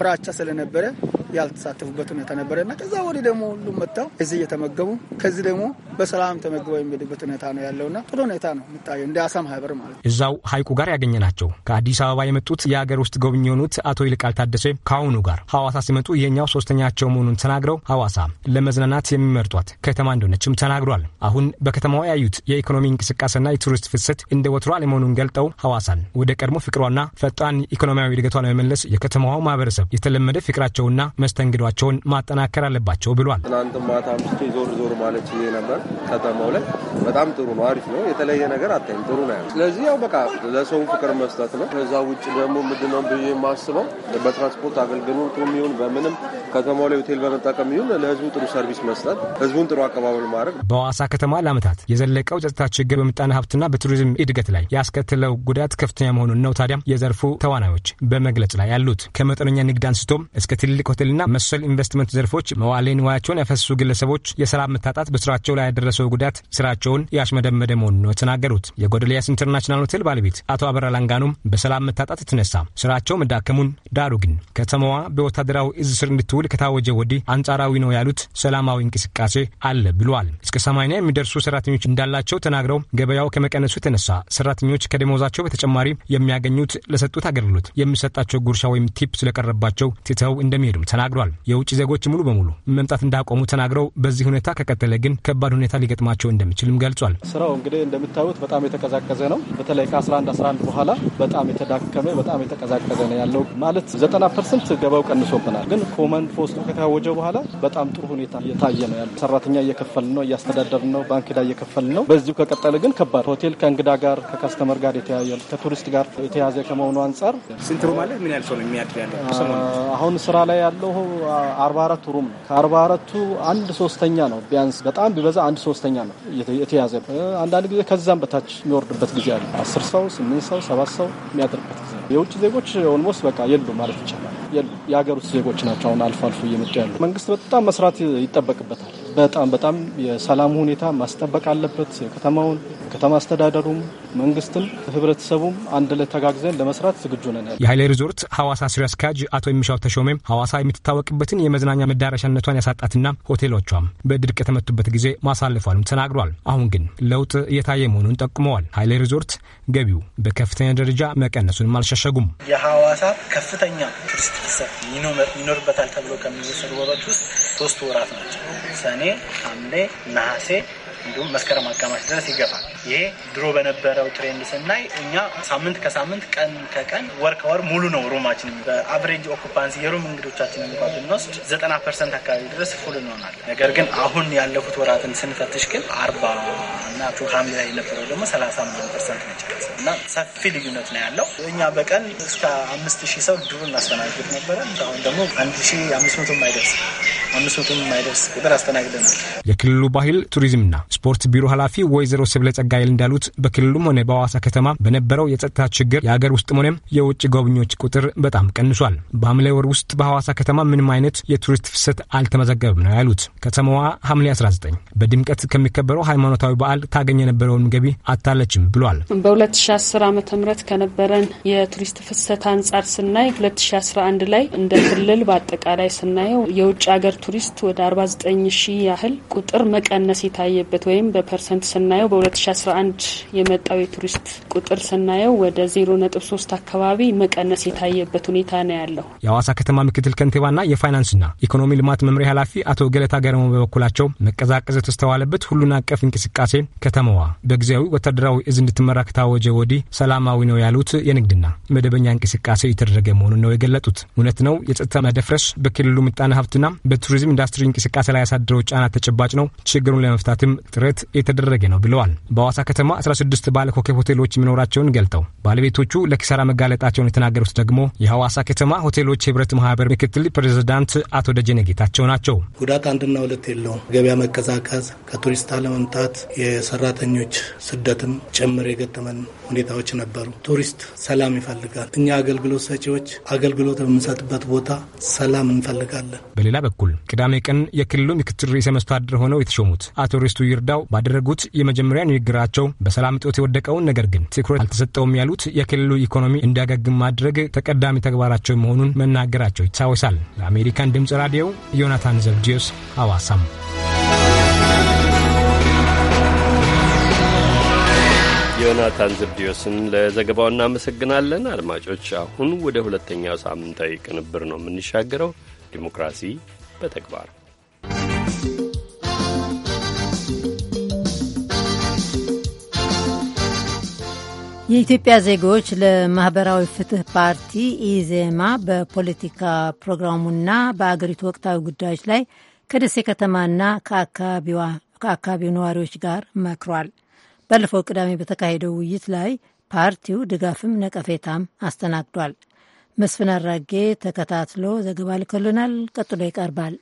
Speaker 9: ፍራቻ ስለነበረ ያልተሳተፉበት ሁኔታ ነበረና ከዛ ወዲህ ደግሞ ሁሉም መጥተው እዚህ እየተመገቡ ከዚህ ደግሞ በሰላም ተመግበው የሚሄዱበት ሁኔታ ነው ያለውና ጥሩ ሁኔታ ነው የሚታየው እንደ አሳ ማህበር ማለት
Speaker 16: ነው። እዛው ሀይቁ ጋር ያገኘ ናቸው። ከአዲስ አበባ የመጡት የአገር ውስጥ ጎብኝ የሆኑት አቶ ይልቃል ታደሰ ከአሁኑ ጋር ሀዋሳ ሲመጡ ይሄኛው ሶስተኛቸው መሆኑን ተናግረው ሀዋሳ ለመዝናናት የሚመርጧት ከተማ እንደሆነችም ተናግሯል። አሁን በከተማዋ ያዩት የኢኮኖሚ እንቅስቃሴና የቱሪስት ፍሰት እንደ ወትሮ አለመሆኑን ገልጠው ሐዋሳን ወደ ቀድሞ ፍቅሯና ፈጣን ኢኮኖሚያዊ እድገቷ ለመመለስ የከተማዋ ማህበረሰብ የተለመደ ፍቅራቸውና መስተንግዷቸውን ማጠናከር አለባቸው ብሏል።
Speaker 7: ትናንት ማታ አምስቼ ዞር ዞር ማለት ችዬ ነበር። ከተማው ላይ በጣም ጥሩ ነው፣ አሪፍ ነው። የተለየ ነገር አታይም። ጥሩ ነው። ስለዚህ ያው በቃ ለሰው ፍቅር መስጠት ነው። ከዛ ውጭ ደግሞ ምንድነው ብዬ የማስበው በትራንስፖርት አገልግሎቱ የሚሆን በምንም ከተማው ላይ ሆቴል በመጠቀም ይሁን ለህዝቡ ጥሩ ሰርቪስ መስጠት፣ ህዝቡን ጥሩ አቀባበል
Speaker 16: ማድረግ። በሐዋሳ ከተማ ለአመታት የዘለቀው ጸጥታ ችግር በምጣኔ ሀብትና በቱሪዝም እድገት ላይ ያስከተለው ጉዳት ከፍተኛ መሆኑን ነው ታዲያ የዘርፉ ተዋናዮች በመግለጽ ላይ ያሉት። ከመጠነኛ ንግድ አንስቶም እስከ ትልቅ ሆቴል ሆቴልና መሰል ኢንቨስትመንት ዘርፎች መዋሌ ንዋያቸውን ያፈሰሱ ግለሰቦች የስራ መታጣት በስራቸው ላይ ያደረሰው ጉዳት ስራቸውን ያሽመደመደ መሆኑ ነው የተናገሩት። የጎደልያስ ኢንተርናሽናል ሆቴል ባለቤት አቶ አበራ ላንጋኖም በሰላም መታጣት የተነሳ ስራቸው መዳከሙን፣ ዳሩ ግን ከተማዋ በወታደራዊ እዝ ስር እንድትውል ከታወጀ ወዲህ አንጻራዊ ነው ያሉት ሰላማዊ እንቅስቃሴ አለ ብሏል። እስከ ሰማንያ የሚደርሱ ሰራተኞች እንዳላቸው ተናግረው ገበያው ከመቀነሱ የተነሳ ሰራተኞች ከደሞዛቸው በተጨማሪ የሚያገኙት ለሰጡት አገልግሎት የሚሰጣቸው ጉርሻ ወይም ቲፕ ስለቀረባቸው ትተው እንደሚሄዱም ተናግሯል። የውጭ ዜጎች ሙሉ በሙሉ መምጣት እንዳቆሙ ተናግረው በዚህ ሁኔታ ከቀጠለ ግን ከባድ ሁኔታ ሊገጥማቸው እንደሚችልም ገልጿል።
Speaker 7: ስራው እንግዲህ እንደምታዩት በጣም የተቀዛቀዘ ነው። በተለይ ከ11 11 በኋላ በጣም የተዳከመ በጣም የተቀዛቀዘ ነው ያለው ማለት 90 ፐርሰንት ገበያው ቀንሶብናል። ግን ኮመንድ ፖስቱ ከታወጀ በኋላ በጣም ጥሩ ሁኔታ እየታየ ነው ያለው። ሰራተኛ እየከፈል ነው፣ እያስተዳደር ነው፣ ባንክ ዕዳ እየከፈል ነው። በዚሁ ከቀጠለ ግን ከባድ ሆቴል ከእንግዳ ጋር ከካስተመር ጋር የተያያዘ ከቱሪስት ጋር የተያዘ ከመሆኑ አንጻር ስንት ሩም አለ?
Speaker 16: ምን ያህል ሰው ነው የሚያድር ያለ
Speaker 7: አሁን ስራ ላይ ያለው የምንሰጠው አርባ ሩም ነው። ከአርባ አራቱ አንድ ሶስተኛ ነው ቢያንስ በጣም ቢበዛ አንድ ሶስተኛ ነው የተያዘ። አንዳንድ ጊዜ ከዛም በታች የሚወርድበት ጊዜ አለ። አስር ሰው ስምንት ሰው ሰባት ሰው የሚያድርበት ጊዜ የውጭ ዜጎች ኦልሞስት በቃ የሉ ማለት ይቻላል። የሀገር ውስጥ ዜጎች ናቸው። አሁን አልፎ አልፎ እየመጡ ያሉ መንግስት በጣም መስራት ይጠበቅበታል። በጣም በጣም የሰላም ሁኔታ ማስጠበቅ አለበት። የከተማውን ከተማ አስተዳደሩም መንግስትም ህብረተሰቡም አንድ ላይ ተጋግዘን ለመስራት ዝግጁ ነን። የሀይሌ
Speaker 16: ሪዞርት ሐዋሳ ስሪ አስኪያጅ አቶ የሚሻው ተሾሜም ሐዋሳ የምትታወቅበትን የመዝናኛ መዳረሻነቷን ያሳጣትና ሆቴሎቿም በድርቅ የተመቱበት ጊዜ ማሳለፏንም ተናግሯል። አሁን ግን ለውጥ እየታየ መሆኑን ጠቁመዋል። ሀይሌ ሪዞርት ገቢው በከፍተኛ ደረጃ መቀነሱንም አልሸሸጉም።
Speaker 9: የሐዋሳ ከፍተኛ ቱሪስት ይኖርበታል ተብሎ ከሚወሰዱ ወሮች ውስጥ ሶስት ወራት ናቸው። ሰኔ፣ ሐምሌ፣ ነሐሴ እንዲሁም መስከረም አጋማሽ ድረስ ይገፋል። ይሄ ድሮ በነበረው ትሬንድ ስናይ እኛ ሳምንት ከሳምንት ቀን ከቀን ወር ከወር ሙሉ ነው ሩማችን። በአቨሬጅ ኦኩፓንሲ የሩም እንግዶቻችን እንኳ ብንወስድ ዘጠና ፐርሰንት አካባቢ ድረስ ፉል እንሆናል። ነገር ግን አሁን ያለፉት ወራትን ስንፈትሽ ግን አርባ እና ሐምሌ ላይ የነበረው ደግሞ ሰላሳ ምናምን ፐርሰንት ነች እና ሰፊ ልዩነት ነው ያለው። እኛ በቀን እስከ አምስት ሺህ ሰው ድሮ እናስተናግድ ነበረ። አሁን ደግሞ አንድ ሺህ አምስት መቶ የማይደርስ አምስት መቶ የማይደርስ ቁጥር አስተናግደናል።
Speaker 16: የክልሉ ባህል ቱሪዝምና ስፖርት ቢሮ ኃላፊ ወይዘሮ ስብለ ጸጋይል እንዳሉት በክልሉም ሆነ በሐዋሳ ከተማ በነበረው የጸጥታ ችግር የአገር ውስጥም ሆነም የውጭ ጎብኚዎች ቁጥር በጣም ቀንሷል። በሐምሌ ወር ውስጥ በሐዋሳ ከተማ ምንም አይነት የቱሪስት ፍሰት አልተመዘገበም ነው ያሉት። ከተማዋ ሐምሌ 19 በድምቀት ከሚከበረው ሃይማኖታዊ በዓል ታገኝ የነበረውን ገቢ አታለችም ብሏል።
Speaker 2: በ2010 ዓ ም ከነበረን የቱሪስት ፍሰት አንጻር ስናይ 2011 ላይ እንደ ክልል በአጠቃላይ ስናየው የውጭ ሀገር ቱሪስት ወደ 49 ሺህ ያህል ቁጥር መቀነስ የታየበት ያለበት ወይም በፐርሰንት ስናየው በ2011 የመጣው የቱሪስት ቁጥር ስናየው ወደ 0.3 አካባቢ መቀነስ የታየበት ሁኔታ ነው ያለው።
Speaker 16: የሐዋሳ ከተማ ምክትል ከንቲባና የፋይናንስና ኢኮኖሚ ልማት መምሪያ ኃላፊ አቶ ገለታ ገረሞ በበኩላቸው መቀዛቀዝ የተስተዋለበት ሁሉን አቀፍ እንቅስቃሴ ከተማዋ በጊዜያዊ ወታደራዊ እዝ እንድትመራ ከታወጀ ወዲህ ሰላማዊ ነው ያሉት የንግድና መደበኛ እንቅስቃሴ የተደረገ መሆኑን ነው የገለጡት። እውነት ነው የጸጥታ መደፍረስ በክልሉ ምጣኔ ሀብትና በቱሪዝም ኢንዱስትሪ እንቅስቃሴ ላይ ያሳደረው ጫና ተጨባጭ ነው። ችግሩን ለመፍታትም ጥረት የተደረገ ነው ብለዋል። በሐዋሳ ከተማ 16 ባለኮከብ ሆቴሎች መኖራቸውን ገልጠው ባለቤቶቹ ለኪሳራ መጋለጣቸውን የተናገሩት ደግሞ የሐዋሳ ከተማ ሆቴሎች ህብረት ማህበር ምክትል ፕሬዚዳንት አቶ ደጀነ ጌታቸው ናቸው።
Speaker 7: ጉዳት አንድና ሁለት የለውም። ገበያ መቀዛቀዝ፣ ከቱሪስት አለመምጣት፣ የሰራተኞች ስደትም ጭምር የገጠመን ሁኔታዎች ነበሩ። ቱሪስት ሰላም ይፈልጋል። እኛ አገልግሎት ሰጪዎች አገልግሎት በምንሰጥበት ቦታ ሰላም እንፈልጋለን።
Speaker 16: በሌላ በኩል ቅዳሜ ቀን የክልሉ ምክትል ርዕሰ መስተዳድር ሆነው የተሾሙት አቶ ሪስቱ ይርዳው ባደረጉት የመጀመሪያ ንግግራቸው በሰላም እጦት የወደቀውን ነገር ግን ትኩረት አልተሰጠውም ያሉት የክልሉ ኢኮኖሚ እንዲያገግም ማድረግ ተቀዳሚ ተግባራቸው መሆኑን መናገራቸው ይታወሳል። ለአሜሪካን ድምፅ ራዲዮ ዮናታን ዘብዲዮስ አዋሳም
Speaker 1: ዮናታን ዘብዲዮስን ለዘገባው እናመሰግናለን። አድማጮች፣ አሁን ወደ ሁለተኛው ሳምንታዊ ቅንብር ነው የምንሻገረው። ዲሞክራሲ በተግባር
Speaker 3: የኢትዮጵያ ዜጎች ለማኅበራዊ ፍትህ ፓርቲ ኢዜማ በፖለቲካ ፕሮግራሙና በአገሪቱ ወቅታዊ ጉዳዮች ላይ ከደሴ ከተማና ከአካባቢው ነዋሪዎች ጋር መክሯል። ባለፈው ቅዳሜ በተካሄደው ውይይት ላይ ፓርቲው ድጋፍም ነቀፌታም አስተናግዷል። መስፍን አራጌ ተከታትሎ ዘገባ ልኮልናል። ቀጥሎ ይቀርባል።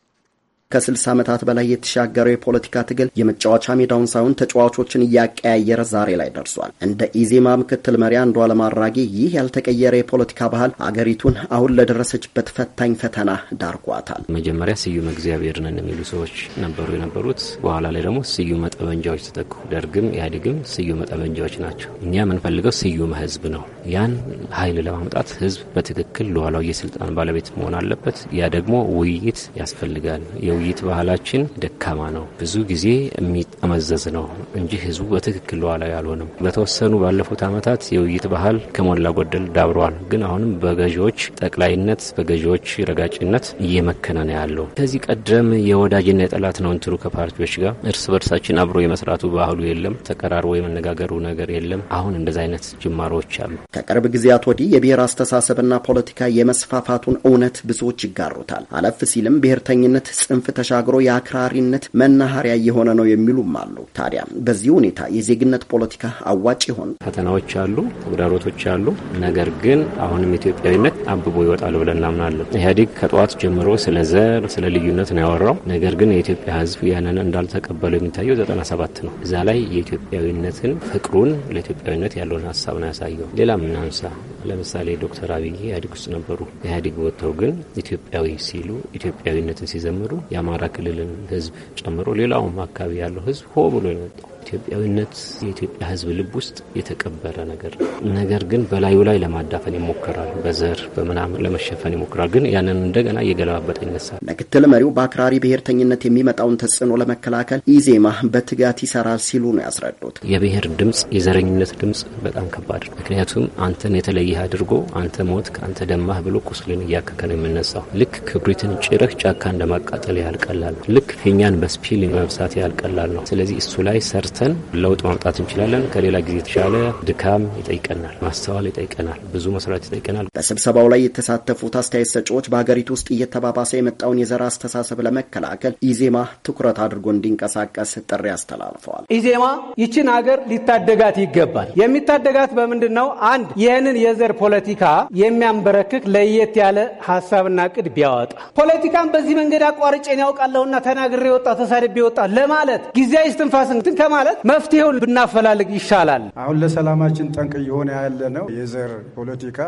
Speaker 14: ከ60 ዓመታት በላይ የተሻገረው የፖለቲካ ትግል የመጫወቻ ሜዳውን ሳይሆን ተጫዋቾችን እያቀያየረ ዛሬ ላይ ደርሷል። እንደ ኢዜማ ምክትል መሪ አንዱዓለም አራጌ ይህ ያልተቀየረ የፖለቲካ ባህል አገሪቱን አሁን ለደረሰችበት ፈታኝ ፈተና
Speaker 17: ዳርጓታል። መጀመሪያ ስዩም እግዚአብሔር ነን የሚሉ ሰዎች ነበሩ የነበሩት። በኋላ ላይ ደግሞ ስዩመ ጠመንጃዎች ተጠቁ። ደርግም ኢህአዴግም ስዩመ ጠመንጃዎች ናቸው። እኛ የምንፈልገው ስዩመ ህዝብ ነው። ያን ኃይል ለማምጣት ህዝብ በትክክል ለኋላው የስልጣን ባለቤት መሆን አለበት። ያ ደግሞ ውይይት ያስፈልጋል። የውይይት ባህላችን ደካማ ነው። ብዙ ጊዜ የሚጠመዘዝ ነው እንጂ ህዝቡ በትክክል ሉዓላዊ አልሆንም። በተወሰኑ ባለፉት ዓመታት የውይይት ባህል ከሞላ ጎደል ዳብረዋል። ግን አሁንም በገዢዎች ጠቅላይነት፣ በገዢዎች ረጋጭነት እየመከነ ነው ያለው። ከዚህ ቀደም የወዳጅና የጠላት ነው እንትሉ ከፓርቲዎች ጋር እርስ በርሳችን አብሮ የመስራቱ ባህሉ የለም። ተቀራርቦ የመነጋገሩ ነገር የለም። አሁን እንደዚ አይነት ጅማሮዎች አሉ።
Speaker 14: ከቅርብ ጊዜያት ወዲህ የብሔር አስተሳሰብና ፖለቲካ የመስፋፋቱን እውነት ብዙዎች ይጋሩታል። አለፍ ሲልም ብሔርተኝነት ጽንፍ ክንፍ ተሻግሮ የአክራሪነት መናኸሪያ እየሆነ ነው የሚሉም አሉ። ታዲያ በዚህ ሁኔታ የዜግነት ፖለቲካ
Speaker 17: አዋጭ ይሆን? ፈተናዎች አሉ፣ ተግዳሮቶች አሉ። ነገር ግን አሁንም ኢትዮጵያዊነት አብቦ ይወጣል ብለን እናምናለን። ኢህአዴግ ከጠዋት ጀምሮ ስለ ዘር፣ ስለ ልዩነት ነው ያወራው። ነገር ግን የኢትዮጵያ ህዝብ ያንን እንዳልተቀበለው የሚታየው ዘጠና ሰባት ነው። እዛ ላይ የኢትዮጵያዊነትን ፍቅሩን ለኢትዮጵያዊነት ያለውን ሀሳብ ነው ያሳየው። ሌላ ምናንሳ ለምሳሌ ዶክተር አብይ ኢህአዴግ ውስጥ ነበሩ። ኢህአዴግ ወጥተው ግን ኢትዮጵያዊ ሲሉ ኢትዮጵያዊነትን ሲዘምሩ የአማራ ክልልን ህዝብ ጨምሮ ሌላውም አካባቢ ያለው ህዝብ ሆ ብሎ የመጣው ኢትዮጵያዊነት የኢትዮጵያ ሕዝብ ልብ ውስጥ የተቀበረ ነገር ነው። ነገር ግን በላዩ ላይ ለማዳፈን ይሞከራል፣ በዘር በምናምን ለመሸፈን ይሞክራል። ግን ያንን እንደገና እየገለባበጠ ይነሳል። ምክትል መሪው በአክራሪ
Speaker 14: ብሔርተኝነት የሚመጣውን ተጽዕኖ ለመከላከል ኢዜማ በትጋት ይሰራል ሲሉ ነው ያስረዱት።
Speaker 17: የብሔር ድምፅ፣ የዘረኝነት ድምፅ በጣም ከባድ ነው። ምክንያቱም አንተን የተለየህ አድርጎ አንተ ሞት ከአንተ ደማህ ብሎ ቁስልን እያከከ ነው የምነሳው። ልክ ክብሪትን ጭረህ ጫካ እንደማቃጠል ያልቀላል። ልክ ፊኛን በስፒል መብሳት ያልቀላል ነው። ስለዚህ እሱ ላይ ሰርተ ተነስተን ለውጥ ማምጣት እንችላለን። ከሌላ ጊዜ የተሻለ ድካም ይጠይቀናል፣ ማስተዋል ይጠይቀናል፣ ብዙ መስራት ይጠይቀናል።
Speaker 14: በስብሰባው ላይ የተሳተፉት አስተያየት ሰጪዎች በሀገሪቱ ውስጥ እየተባባሰ የመጣውን የዘር አስተሳሰብ ለመከላከል ኢዜማ ትኩረት አድርጎ እንዲንቀሳቀስ ጥሪ አስተላልፈዋል።
Speaker 12: ኢዜማ ይችን ሀገር ሊታደጋት ይገባል። የሚታደጋት በምንድን ነው? አንድ ይህንን የዘር ፖለቲካ የሚያንበረክክ ለየት ያለ ሀሳብና ቅድ ቢያወጣ ፖለቲካን በዚህ መንገድ አቋርጬን ያውቃለሁና ተናግሬ ወጣ ተሳድቤ ወጣ ለማለት ጊዜያዊ እስትንፋስን ከማለት ማለት መፍትሄውን ብናፈላልግ ይሻላል።
Speaker 7: አሁን ለሰላማችን ጠንቅ እየሆነ ያለ ነው የዘር ፖለቲካ፣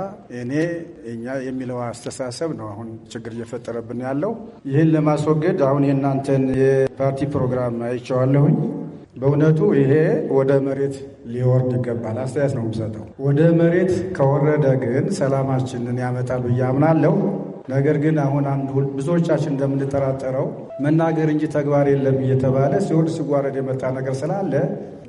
Speaker 7: እኔ እኛ የሚለው አስተሳሰብ ነው አሁን ችግር እየፈጠረብን ያለው። ይህን ለማስወገድ አሁን የእናንተን የፓርቲ ፕሮግራም አይቼዋለሁኝ። በእውነቱ ይሄ ወደ መሬት ሊወርድ ይገባል። አስተያየት ነው የምሰጠው። ወደ መሬት ከወረደ ግን ሰላማችንን ያመጣል ብዬ አምናለሁ። ነገር ግን አሁን አንድ ብዙዎቻችን እንደምንጠራጠረው መናገር እንጂ ተግባር የለም እየተባለ ሲወርድ ሲዋረድ የመጣ ነገር ስላለ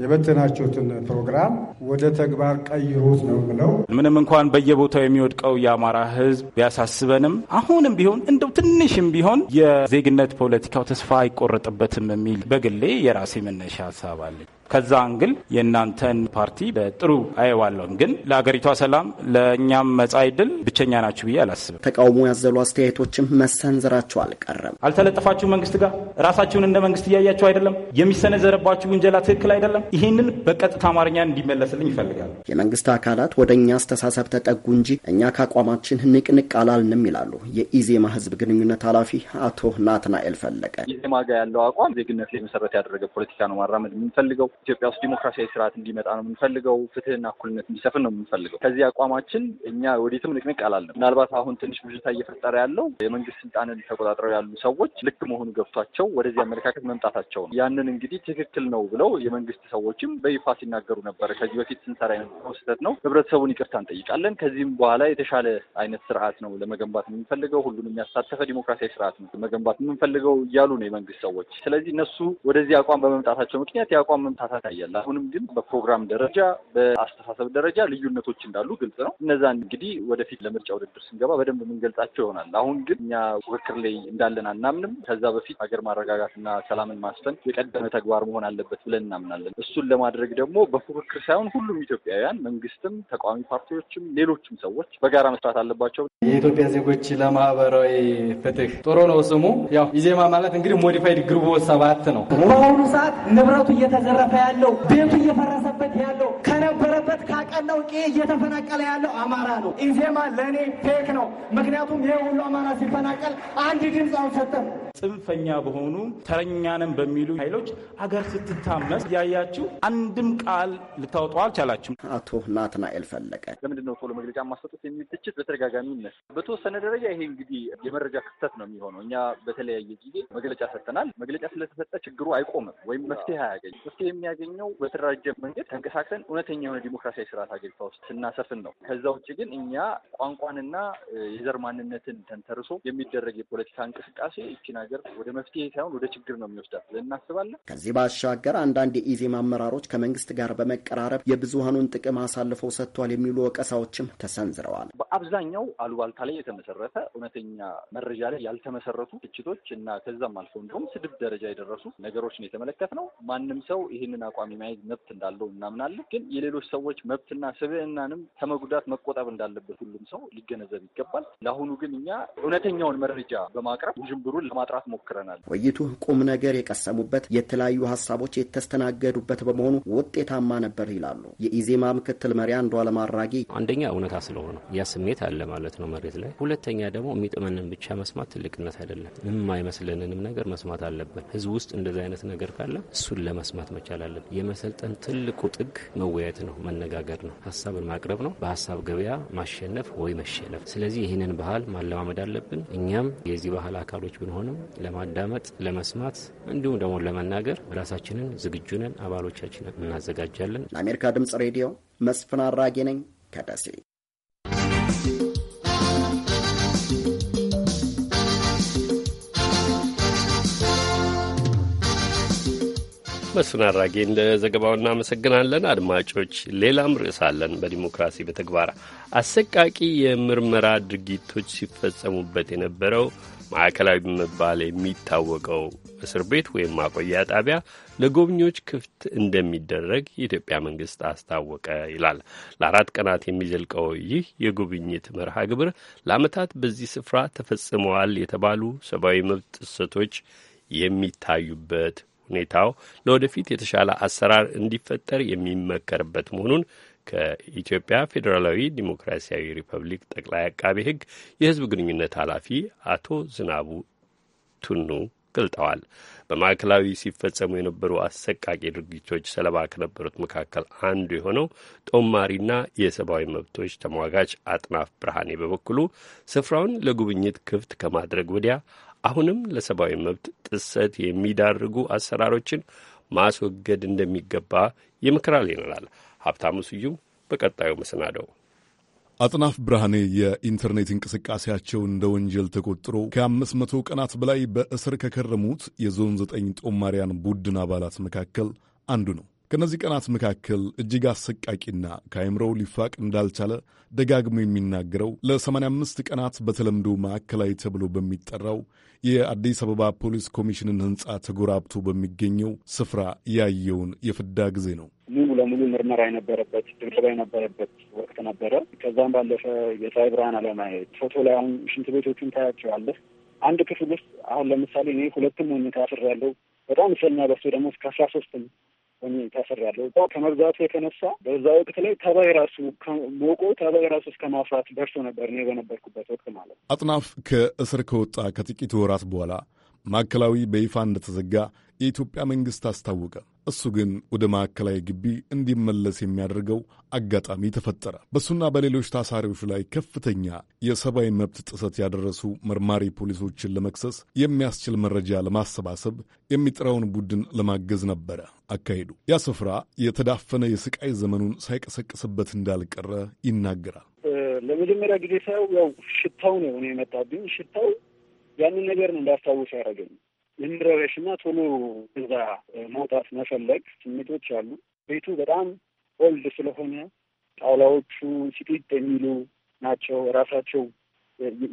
Speaker 7: የበተናችሁትን ፕሮግራም ወደ ተግባር ቀይሩት ነው
Speaker 16: ብለው ምንም እንኳን በየቦታው የሚወድቀው የአማራ ሕዝብ ቢያሳስበንም አሁንም ቢሆን እንደው ትንሽም ቢሆን የዜግነት ፖለቲካው ተስፋ አይቆረጥበትም የሚል በግሌ የራሴ
Speaker 9: መነሻ ሀሳብ አለኝ።
Speaker 16: ከዛ አንግል የእናንተን ፓርቲ በጥሩ አየዋለሁም፣ ግን ለሀገሪቷ ሰላም ለእኛም መጻኢ ዕድል ብቸኛ ናችሁ ብዬ አላስብም። ተቃውሞ ያዘሉ አስተያየቶችም
Speaker 14: መሰንዘራቸው አልቀረም።
Speaker 16: አልተለጠፋችሁ መንግስት ጋር ራሳችሁን እንደ መንግስት እያያችሁ አይደለም። የሚሰነዘረባችሁ ውንጀላ ትክክል አይደለም። ይህንን በቀጥታ አማርኛ እንዲመለስልኝ ይፈልጋል።
Speaker 14: የመንግስት አካላት ወደ እኛ አስተሳሰብ ተጠጉ እንጂ እኛ ከአቋማችን ንቅንቅ አላልንም ይላሉ የኢዜማ ህዝብ ግንኙነት ኃላፊ አቶ ናትናኤል ፈለቀ።
Speaker 18: ኢዜማ ጋር ያለው አቋም ዜግነት ላይ መሰረት ያደረገ ፖለቲካ ነው ማራመድ የምንፈልገው ኢትዮጵያ ውስጥ ዲሞክራሲያዊ ስርዓት እንዲመጣ ነው የምንፈልገው። ፍትህና እኩልነት እንዲሰፍን ነው የምንፈልገው። ከዚህ አቋማችን እኛ ወዴትም ንቅንቅ አላለም። ምናልባት አሁን ትንሽ ብዥታ እየፈጠረ ያለው የመንግስት ስልጣንን ተቆጣጥረው ያሉ ሰዎች ልክ መሆኑ ገብቷቸው ወደዚህ አመለካከት መምጣታቸው ነው። ያንን እንግዲህ ትክክል ነው ብለው የመንግስት ሰዎችም በይፋ ሲናገሩ ነበረ። ከዚህ በፊት ስንሰራ የነበረው ስህተት ነው፣ ህብረተሰቡን ይቅርታ እንጠይቃለን። ከዚህም በኋላ የተሻለ አይነት ስርዓት ነው ለመገንባት የምንፈልገው፣ ሁሉን የሚያሳተፈ ዲሞክራሲያዊ ስርዓት ነው መገንባት የምንፈልገው እያሉ ነው የመንግስት ሰዎች። ስለዚህ እነሱ ወደዚህ አቋም በመምጣታቸው ምክንያት የአቋም መምጣት ይታያል። አሁንም ግን በፕሮግራም ደረጃ በአስተሳሰብ ደረጃ ልዩነቶች እንዳሉ ግልጽ ነው። እነዛን እንግዲህ ወደፊት ለምርጫ ውድድር ስንገባ በደንብ የምንገልጻቸው ይሆናል። አሁን ግን እኛ ፉክክር ላይ እንዳለን አናምንም። ከዛ በፊት ሀገር ማረጋጋትና ሰላምን ማስፈን የቀደመ ተግባር መሆን አለበት ብለን እናምናለን። እሱን ለማድረግ ደግሞ በፉክክር ሳይሆን ሁሉም ኢትዮጵያውያን፣ መንግስትም፣ ተቃዋሚ ፓርቲዎችም፣ ሌሎችም ሰዎች በጋራ መስራት አለባቸው። የኢትዮጵያ ዜጎች ለማህበራዊ ፍትህ ጥሩ ነው ስሙ። ያው ኢዜማ ማለት እንግዲህ ሞዲፋይድ ግንቦት ሰባት ነው።
Speaker 7: በአሁኑ ሰዓት ንብረቱ እየተዘረፈ ያለው ቤቱ እየፈረሰበት ያለው ከነ ያለው ቄ እየተፈናቀለ ያለው አማራ ነው። ኢዜማ ለእኔ ፌክ ነው። ምክንያቱም ይህ ሁሉ አማራ ሲፈናቀል
Speaker 6: አንድ ድምፅ አልሰጠም።
Speaker 16: ጽንፈኛ በሆኑ ተረኛንም በሚሉ ኃይሎች አገር ስትታመስ ያያችሁ አንድም ቃል ልታወጡ አልቻላችሁም። አቶ ናትናኤል ፈለቀ
Speaker 18: ለምንድን ነው ቶሎ መግለጫ ማሰጡት የሚል ትችት በተደጋጋሚ ይነሳ። በተወሰነ ደረጃ ይሄ እንግዲህ የመረጃ ክፍተት ነው የሚሆነው። እኛ በተለያየ ጊዜ መግለጫ ሰጥተናል። መግለጫ ስለተሰጠ ችግሩ አይቆምም ወይም መፍትሄ አያገኝም። መፍትሄ የሚያገኘው በተደራጀ መንገድ ተንቀሳቅሰን እውነተኛ የሆነ ዲሞክራሲያዊ ስራ የጥናት አጀንዳ ውስጥ ስናሰፍን ነው። ከዛ ውጭ ግን እኛ ቋንቋንና የዘር ማንነትን ተንተርሶ የሚደረግ የፖለቲካ እንቅስቃሴ ይችን ሀገር ወደ መፍትሄ ሳይሆን ወደ ችግር ነው የሚወስዳት ብለን እናስባለን።
Speaker 14: ከዚህ ባሻገር አንዳንድ የኢዜማ አመራሮች ከመንግስት ጋር በመቀራረብ የብዙሀኑን ጥቅም አሳልፈው ሰጥቷል የሚሉ ወቀሳዎችም ተሰንዝረዋል።
Speaker 18: በአብዛኛው አሉባልታ ላይ የተመሰረተ እውነተኛ መረጃ ላይ ያልተመሰረቱ ትችቶች እና ከዛም አልፎ እንዲሁም ስድብ ደረጃ የደረሱ ነገሮችን የተመለከት ነው። ማንም ሰው ይህንን አቋም የመያዝ መብት እንዳለው እናምናለን። ግን የሌሎች ሰዎች መብት ክብርና ስብዕናንም ከመጉዳት መቆጠብ እንዳለበት ሁሉም ሰው ሊገነዘብ ይገባል። ለአሁኑ ግን እኛ እውነተኛውን መረጃ በማቅረብ ውዥንብሩን ለማጥራት ሞክረናል።
Speaker 14: ውይይቱ ቁም ነገር የቀሰሙበት የተለያዩ ሀሳቦች የተስተናገዱበት በመሆኑ ውጤታማ ነበር ይላሉ የኢዜማ ምክትል መሪ አንዱዓለም አራጌ።
Speaker 17: አንደኛ እውነታ ስለሆነ ያ ስሜት አለ ማለት ነው መሬት ላይ። ሁለተኛ ደግሞ የሚጥመንን ብቻ መስማት ትልቅነት አይደለም። የማይመስለንንም ነገር መስማት አለብን። ህዝብ ውስጥ እንደዚህ አይነት ነገር ካለ እሱን ለመስማት መቻል አለብን። የመሰልጠን ትልቁ ጥግ መወያየት ነው፣ መነጋገር ነው። ነው። ሀሳብን ማቅረብ ነው። በሀሳብ ገበያ ማሸነፍ ወይ መሸነፍ። ስለዚህ ይህንን ባህል ማለማመድ አለብን። እኛም የዚህ ባህል አካሎች ብንሆንም ለማዳመጥ፣ ለመስማት እንዲሁም ደግሞ ለመናገር ራሳችንን ዝግጁ ነን። አባሎቻችንን እናዘጋጃለን።
Speaker 14: ለአሜሪካ ድምጽ ሬዲዮ መስፍን አራጌ ነኝ ከደሴ።
Speaker 1: መስፍን አራጌን ለዘገባው እናመሰግናለን። አድማጮች፣ ሌላም ርዕስ አለን። በዲሞክራሲ በተግባር አሰቃቂ የምርመራ ድርጊቶች ሲፈጸሙበት የነበረው ማዕከላዊ በመባል የሚታወቀው እስር ቤት ወይም ማቆያ ጣቢያ ለጎብኚዎች ክፍት እንደሚደረግ የኢትዮጵያ መንግስት አስታወቀ ይላል። ለአራት ቀናት የሚዘልቀው ይህ የጉብኝት መርሃ ግብር ለዓመታት በዚህ ስፍራ ተፈጽመዋል የተባሉ ሰብአዊ መብት ጥሰቶች የሚታዩበት ሁኔታው ለወደፊት የተሻለ አሰራር እንዲፈጠር የሚመከርበት መሆኑን ከኢትዮጵያ ፌዴራላዊ ዲሞክራሲያዊ ሪፐብሊክ ጠቅላይ አቃቤ ሕግ የሕዝብ ግንኙነት ኃላፊ አቶ ዝናቡ ቱኑ ገልጠዋል። በማዕከላዊ ሲፈጸሙ የነበሩ አሰቃቂ ድርጊቶች ሰለባ ከነበሩት መካከል አንዱ የሆነው ጦማሪና የሰብአዊ መብቶች ተሟጋች አጥናፍ ብርሃኔ በበኩሉ ስፍራውን ለጉብኝት ክፍት ከማድረግ ወዲያ አሁንም ለሰብአዊ መብት ጥሰት የሚዳርጉ አሰራሮችን ማስወገድ እንደሚገባ ይመክራል ይላል ሀብታሙ ስዩም በቀጣዩ መሰናደው።
Speaker 19: አጥናፍ ብርሃኔ የኢንተርኔት እንቅስቃሴያቸው እንደ ወንጀል ተቆጥሮ ከአምስት መቶ ቀናት በላይ በእስር ከከረሙት የዞን ዘጠኝ ጦማሪያን ቡድን አባላት መካከል አንዱ ነው። ከእነዚህ ቀናት መካከል እጅግ አሰቃቂና ከአእምሮው ሊፋቅ እንዳልቻለ ደጋግሞ የሚናገረው ለ85 ቀናት በተለምዶ ማዕከላዊ ተብሎ በሚጠራው የአዲስ አበባ ፖሊስ ኮሚሽንን ሕንፃ ተጎራብቶ በሚገኘው ስፍራ ያየውን የፍዳ ጊዜ ነው።
Speaker 5: ሙሉ ለሙሉ ምርመራ የነበረበት ድብደባ የነበረበት ወቅት ነበረ። ከዛም ባለፈ የፀሐይ ብርሃን አለማየት ፎቶ ላይ አሁን ሽንት ቤቶቹን ታያቸዋለህ። አንድ ክፍል ውስጥ አሁን ለምሳሌ እኔ ሁለትም ሆኜ ታስሬያለሁ። በጣም እስረኛ በዝቶ ደግሞ እስከ አስራ ሶስትም እኔ ታስር ያለው እኮ ከመብዛቱ የተነሳ በዛ ወቅት ላይ ተባይ ራሱ ሞቆ ተባይ ራሱ እስከ ማፍራት ደርሶ ነበር። እኔ በነበርኩበት ወቅት ማለት ነው።
Speaker 19: አጥናፍ ከእስር ከወጣ ከጥቂት ወራት በኋላ ማዕከላዊ በይፋ እንደተዘጋ የኢትዮጵያ መንግስት አስታወቀ። እሱ ግን ወደ ማዕከላዊ ግቢ እንዲመለስ የሚያደርገው አጋጣሚ ተፈጠረ። በእሱና በሌሎች ታሳሪዎች ላይ ከፍተኛ የሰብአዊ መብት ጥሰት ያደረሱ መርማሪ ፖሊሶችን ለመክሰስ የሚያስችል መረጃ ለማሰባሰብ የሚጥረውን ቡድን ለማገዝ ነበረ አካሄዱ። ያ ስፍራ የተዳፈነ የስቃይ ዘመኑን ሳይቀሰቅስበት እንዳልቀረ ይናገራል።
Speaker 5: ለመጀመሪያ ጊዜ ሳየው ያው ሽታው ነው የመጣብኝ። ሽታው ያንን ነገር ነው እንዳስታውስ ያደረገኝ የመረበሽ እና ቶሎ እዛ መውጣት መፈለግ ስሜቶች አሉ። ቤቱ በጣም ኦልድ ስለሆነ ጣውላዎቹ ሲጢጥ የሚሉ ናቸው። ራሳቸው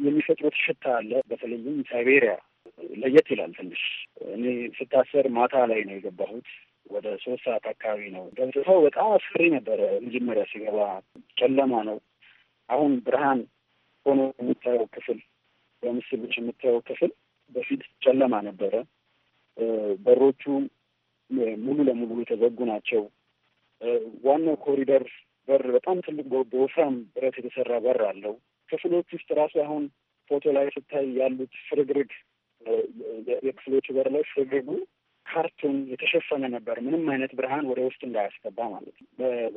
Speaker 5: የሚፈጥሩት ሽታ አለ። በተለይም ሳይቤሪያ ለየት ይላል ትንሽ። እኔ ስታሰር ማታ ላይ ነው የገባሁት። ወደ ሶስት ሰዓት አካባቢ ነው ገብተው። በጣም አስፈሪ ነበረ መጀመሪያ ሲገባ፣ ጨለማ ነው። አሁን ብርሃን ሆኖ የምታየው ክፍል በምስሎች የምታየው ክፍል በፊት ጨለማ ነበረ። በሮቹ ሙሉ ለሙሉ የተዘጉ ናቸው። ዋናው ኮሪደር በር በጣም ትልቅ በወፍራም ብረት የተሰራ በር አለው። ክፍሎች ውስጥ ራሱ አሁን ፎቶ ላይ ስታይ ያሉት ፍርግርግ የክፍሎቹ በር ላይ ፍርግርጉ ካርቱን የተሸፈነ ነበር። ምንም አይነት ብርሃን ወደ ውስጥ እንዳያስገባ ማለት ነው።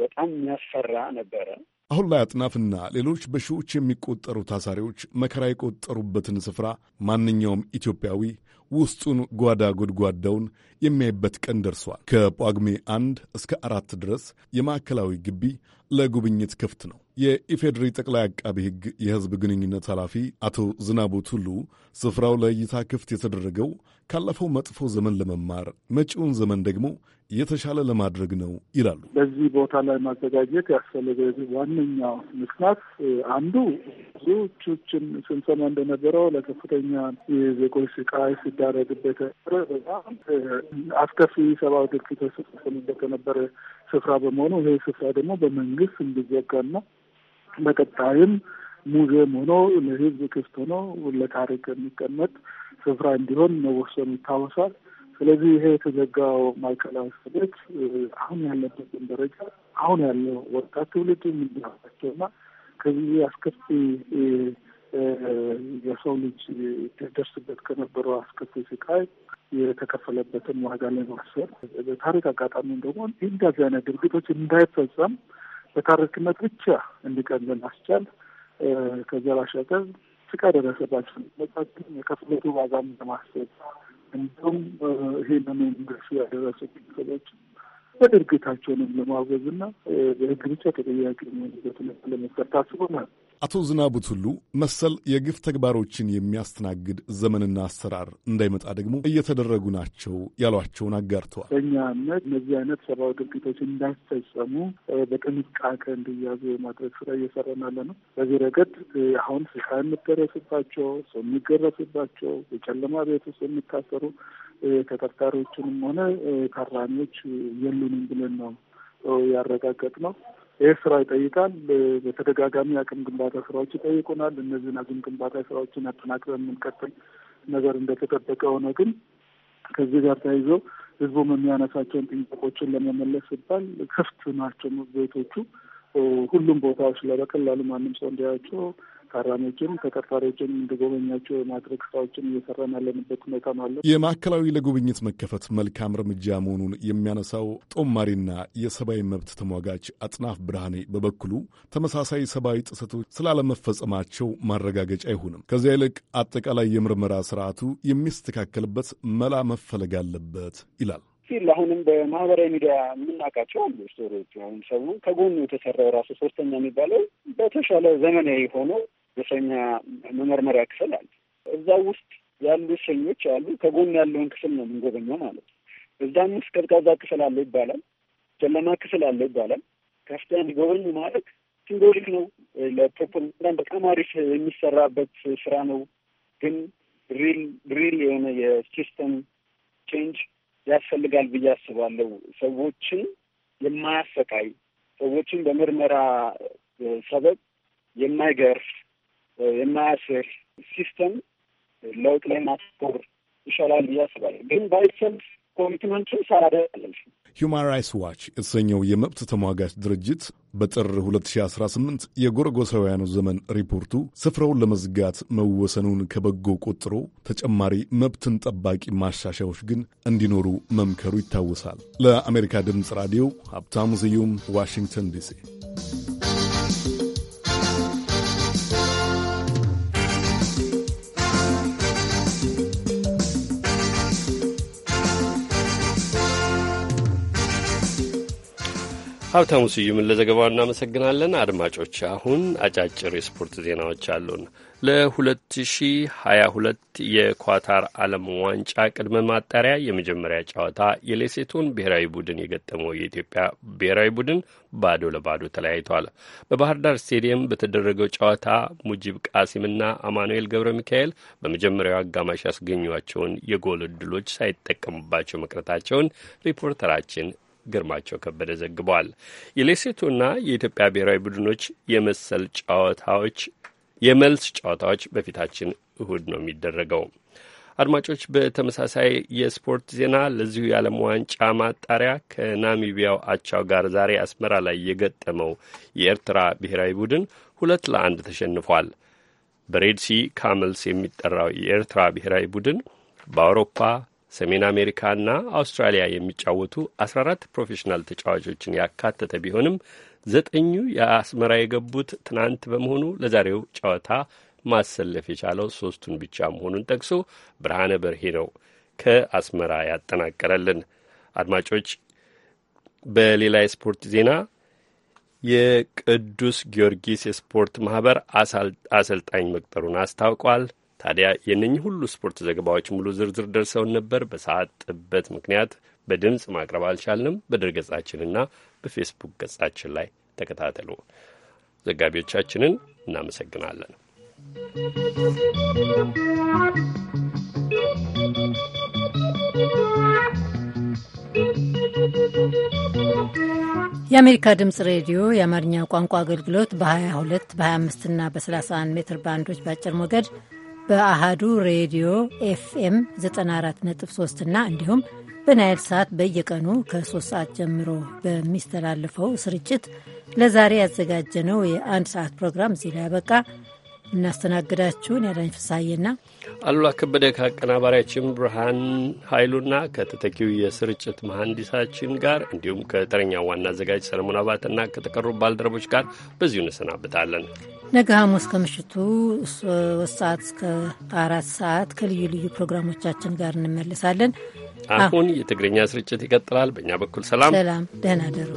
Speaker 5: በጣም የሚያስፈራ ነበረ።
Speaker 19: አሁን ላይ አጥናፍና ሌሎች በሺዎች የሚቆጠሩ ታሳሪዎች መከራ የቆጠሩበትን ስፍራ ማንኛውም ኢትዮጵያዊ ውስጡን ጓዳ ጎድጓዳውን የሚያይበት ቀን ደርሷል። ከጳጉሜ አንድ እስከ አራት ድረስ የማዕከላዊ ግቢ ለጉብኝት ክፍት ነው። የኢፌዴሪ ጠቅላይ አቃቢ ሕግ የሕዝብ ግንኙነት ኃላፊ አቶ ዝናቡ ቱሉ ስፍራው ለእይታ ክፍት የተደረገው ካለፈው መጥፎ ዘመን ለመማር መጪውን ዘመን ደግሞ የተሻለ ለማድረግ ነው ይላሉ።
Speaker 5: በዚህ ቦታ ላይ ማዘጋጀት ያስፈለገ ዋነኛው ምክንያት አንዱ ብዙዎችን ስንሰማ እንደነበረው ለከፍተኛ የዜጎች ስቃይ፣ ሲዳረግበት ነበረ። በጣም አስከፊ ሰብአዊ ድርጊቶች ሲፈጸሙበት የነበረ ስፍራ በመሆኑ ይህ ስፍራ ደግሞ በመንግስት እንዲዘጋና በቀጣይም ሙዚየም ሆኖ ለህዝብ ክፍት ሆኖ ለታሪክ የሚቀመጥ ስፍራ እንዲሆን መወሰኑ ይታወሳል። ስለዚህ ይሄ የተዘጋው ማዕከላዊ እስር ቤት አሁን ያለበትን ደረጃ አሁን ያለው ወጣት ትውልድ የሚያውቃቸውና ከዚህ አስከፊ የሰው ልጅ ደርስበት ከነበረው አስከፊ ስቃይ የተከፈለበትን ዋጋ ለማሰብ በታሪክ አጋጣሚ ደግሞ እንደዚህ አይነት ድርጊቶች እንዳይፈጸም በታሪክነት ብቻ እንዲቀር ለማስቻል ከዚያ ባሻገር ስቃይ ደረሰባቸው መጻችን የከፍለቱ ዋጋም ለማሰብ እንዲሁም ይህንን እንደሱ ያደረሱ ቤተሰቦች በድርጊታቸውንም ለማወገዝ ለማውገዝና በህግ ብቻ ተጠያቂ የሚሆንበት ሁኔታ ለመፍጠር
Speaker 19: ታስቦ ማለት አቶ ዝናቡት ሁሉ መሰል የግፍ ተግባሮችን የሚያስተናግድ ዘመንና አሰራር እንዳይመጣ ደግሞ እየተደረጉ ናቸው ያሏቸውን አጋርተዋል።
Speaker 5: በእኛ እምነት እነዚህ አይነት ሰብአዊ ድርጊቶች እንዳይፈጸሙ በጥንቃቄ እንዲያዙ የማድረግ ስራ እየሰራን ያለ ነው። በዚህ ረገድ አሁን ስቃ የምደረስባቸው ሰው የሚገረስባቸው የጨለማ ቤት ውስጥ የሚታሰሩ ተጠርጣሪዎችንም ሆነ ታራሚዎች የሉንም ብለን ነው ያረጋገጥ ነው። ይህ ስራ ይጠይቃል። በተደጋጋሚ አቅም ግንባታ ስራዎች ይጠይቁናል። እነዚህን አቅም ግንባታ ስራዎችን አጠናክረን የምንቀጥል ነገር እንደተጠበቀ ሆነ ግን ከዚህ ጋር ተያይዞ ህዝቡም የሚያነሳቸውን ጥያቄዎችን ለመመለስ ሲባል ክፍት ናቸው ቤቶቹ ሁሉም ቦታዎች ላይ በቀላሉ ማንም ሰው እንዲያያቸው ታራሚዎችን፣ ተጠርጣሪዎችን እንዲጎበኛቸው የማድረግ ስራዎችን እየሰራን ያለንበት ሁኔታ አለ። የማዕከላዊ
Speaker 19: ለጉብኝት መከፈት መልካም እርምጃ መሆኑን የሚያነሳው ጦማሪና የሰብአዊ መብት ተሟጋች አጥናፍ ብርሃኔ በበኩሉ ተመሳሳይ ሰብአዊ ጥሰቶች ስላለመፈጸማቸው ማረጋገጫ አይሆንም። ከዚያ ይልቅ አጠቃላይ የምርመራ ስርዓቱ የሚስተካከልበት መላ መፈለግ አለበት ይላል።
Speaker 5: ስቲል አሁንም በማህበራዊ ሚዲያ የምናውቃቸው አሉ ስቶሪዎች። አሁን ሰው ከጎኑ የተሰራው ራሱ ሶስተኛ የሚባለው በተሻለ ዘመናዊ ሆነው የእስረኛ መመርመሪያ ክፍል አለ። እዛ ውስጥ ያሉ እስረኞች አሉ። ከጎን ያለውን ክፍል ነው የምንጎበኘው ማለት ነው። እዛም ውስጥ ቀዝቃዛ ክፍል አለ ይባላል፣ ጨለማ ክፍል አለ ይባላል። ከፍታ እንዲጎበኙ ማለት ሲምቦሊክ ነው። ለፕሮፓጋንዳ በጣም አሪፍ የሚሰራበት ስራ ነው። ግን ሪል ሪል የሆነ የሲስተም ቼንጅ ያስፈልጋል ብዬ አስባለሁ። ሰዎችን የማያሰቃይ ሰዎችን በምርመራ ሰበብ የማይገርፍ የማያስር ሲስተም ለውጥ ላይ ማስኮር ይሻላል ብዬ አስባለሁ። ግን ባይሰልፍ ኮሚትመንቱን ሳላደለም
Speaker 19: ሁማን ራይትስ ዋች የተሰኘው የመብት ተሟጋች ድርጅት በጥር 2018 የጎረጎሳውያኑ ዘመን ሪፖርቱ ስፍራውን ለመዝጋት መወሰኑን ከበጎ ቆጥሮ ተጨማሪ መብትን ጠባቂ ማሻሻዎች ግን እንዲኖሩ መምከሩ ይታወሳል። ለአሜሪካ ድምፅ ራዲዮ ሀብታሙ ስዩም ዋሽንግተን ዲሲ
Speaker 1: ሀብታሙ ስዩምን ለዘገባው እናመሰግናለን። አድማጮች፣ አሁን አጫጭር የስፖርት ዜናዎች አሉን። ለ2022 የኳታር ዓለም ዋንጫ ቅድመ ማጣሪያ የመጀመሪያ ጨዋታ የሌሴቶን ብሔራዊ ቡድን የገጠመው የኢትዮጵያ ብሔራዊ ቡድን ባዶ ለባዶ ተለያይቷል። በባህር ዳር ስቴዲየም በተደረገው ጨዋታ ሙጂብ ቃሲምና አማኑኤል ገብረ ሚካኤል በመጀመሪያው አጋማሽ ያስገኟቸውን የጎል ዕድሎች ሳይጠቀሙባቸው መቅረታቸውን ሪፖርተራችን ግርማቸው ከበደ ዘግቧል። የሌሴቶና የኢትዮጵያ ብሔራዊ ቡድኖች የመሰል ጨዋታዎች የመልስ ጨዋታዎች በፊታችን እሁድ ነው የሚደረገው። አድማጮች፣ በተመሳሳይ የስፖርት ዜና ለዚሁ የዓለም ዋንጫ ማጣሪያ ከናሚቢያው አቻው ጋር ዛሬ አስመራ ላይ የገጠመው የኤርትራ ብሔራዊ ቡድን ሁለት ለአንድ ተሸንፏል። በሬድሲ ካመልስ የሚጠራው የኤርትራ ብሔራዊ ቡድን በአውሮፓ ሰሜን አሜሪካና አውስትራሊያ የሚጫወቱ 14 ፕሮፌሽናል ተጫዋቾችን ያካተተ ቢሆንም ዘጠኙ የአስመራ የገቡት ትናንት በመሆኑ ለዛሬው ጨዋታ ማሰለፍ የቻለው ሶስቱን ብቻ መሆኑን ጠቅሶ ብርሃነ በርሄ ነው ከአስመራ ያጠናቀረልን። አድማጮች፣ በሌላ የስፖርት ዜና የቅዱስ ጊዮርጊስ የስፖርት ማህበር አሰልጣኝ መቅጠሩን አስታውቋል። ታዲያ የእነኚህ ሁሉ ስፖርት ዘገባዎች ሙሉ ዝርዝር ደርሰውን ነበር። በሰዓት ጥበት ምክንያት በድምፅ ማቅረብ አልቻልንም። በድር ገጻችንና በፌስቡክ ገጻችን ላይ ተከታተሉ። ዘጋቢዎቻችንን እናመሰግናለን።
Speaker 3: የአሜሪካ ድምፅ ሬዲዮ የአማርኛ ቋንቋ አገልግሎት በ22 በ25 እና በ31 ሜትር ባንዶች በአጭር ሞገድ በአሃዱ ሬዲዮ ኤፍኤም 94.3 እና እንዲሁም በናይል ሰዓት በየቀኑ ከ3 ሰዓት ጀምሮ በሚስተላለፈው ስርጭት ለዛሬ ያዘጋጀነው የአንድ ሰዓት ፕሮግራም እዚህ ላይ ያበቃ። እናስተናግዳችሁን ያዳኝ ፍሳዬና
Speaker 1: አሉላ ከበደ ከአቀናባሪያችን ብርሃን ኃይሉና ከተተኪው የስርጭት መሐንዲሳችን ጋር እንዲሁም ከተረኛ ዋና አዘጋጅ ሰለሞን አባትና ከተቀሩ ባልደረቦች ጋር በዚሁ እንሰናብታለን።
Speaker 3: ነገ ሐሙስ ከምሽቱ ሶስት ሰዓት እስከ አራት ሰዓት ከልዩ ልዩ ፕሮግራሞቻችን ጋር እንመልሳለን።
Speaker 1: አሁን የትግርኛ ስርጭት ይቀጥላል። በእኛ በኩል ሰላም፣ ሰላም፣
Speaker 3: ደህና ደሩ።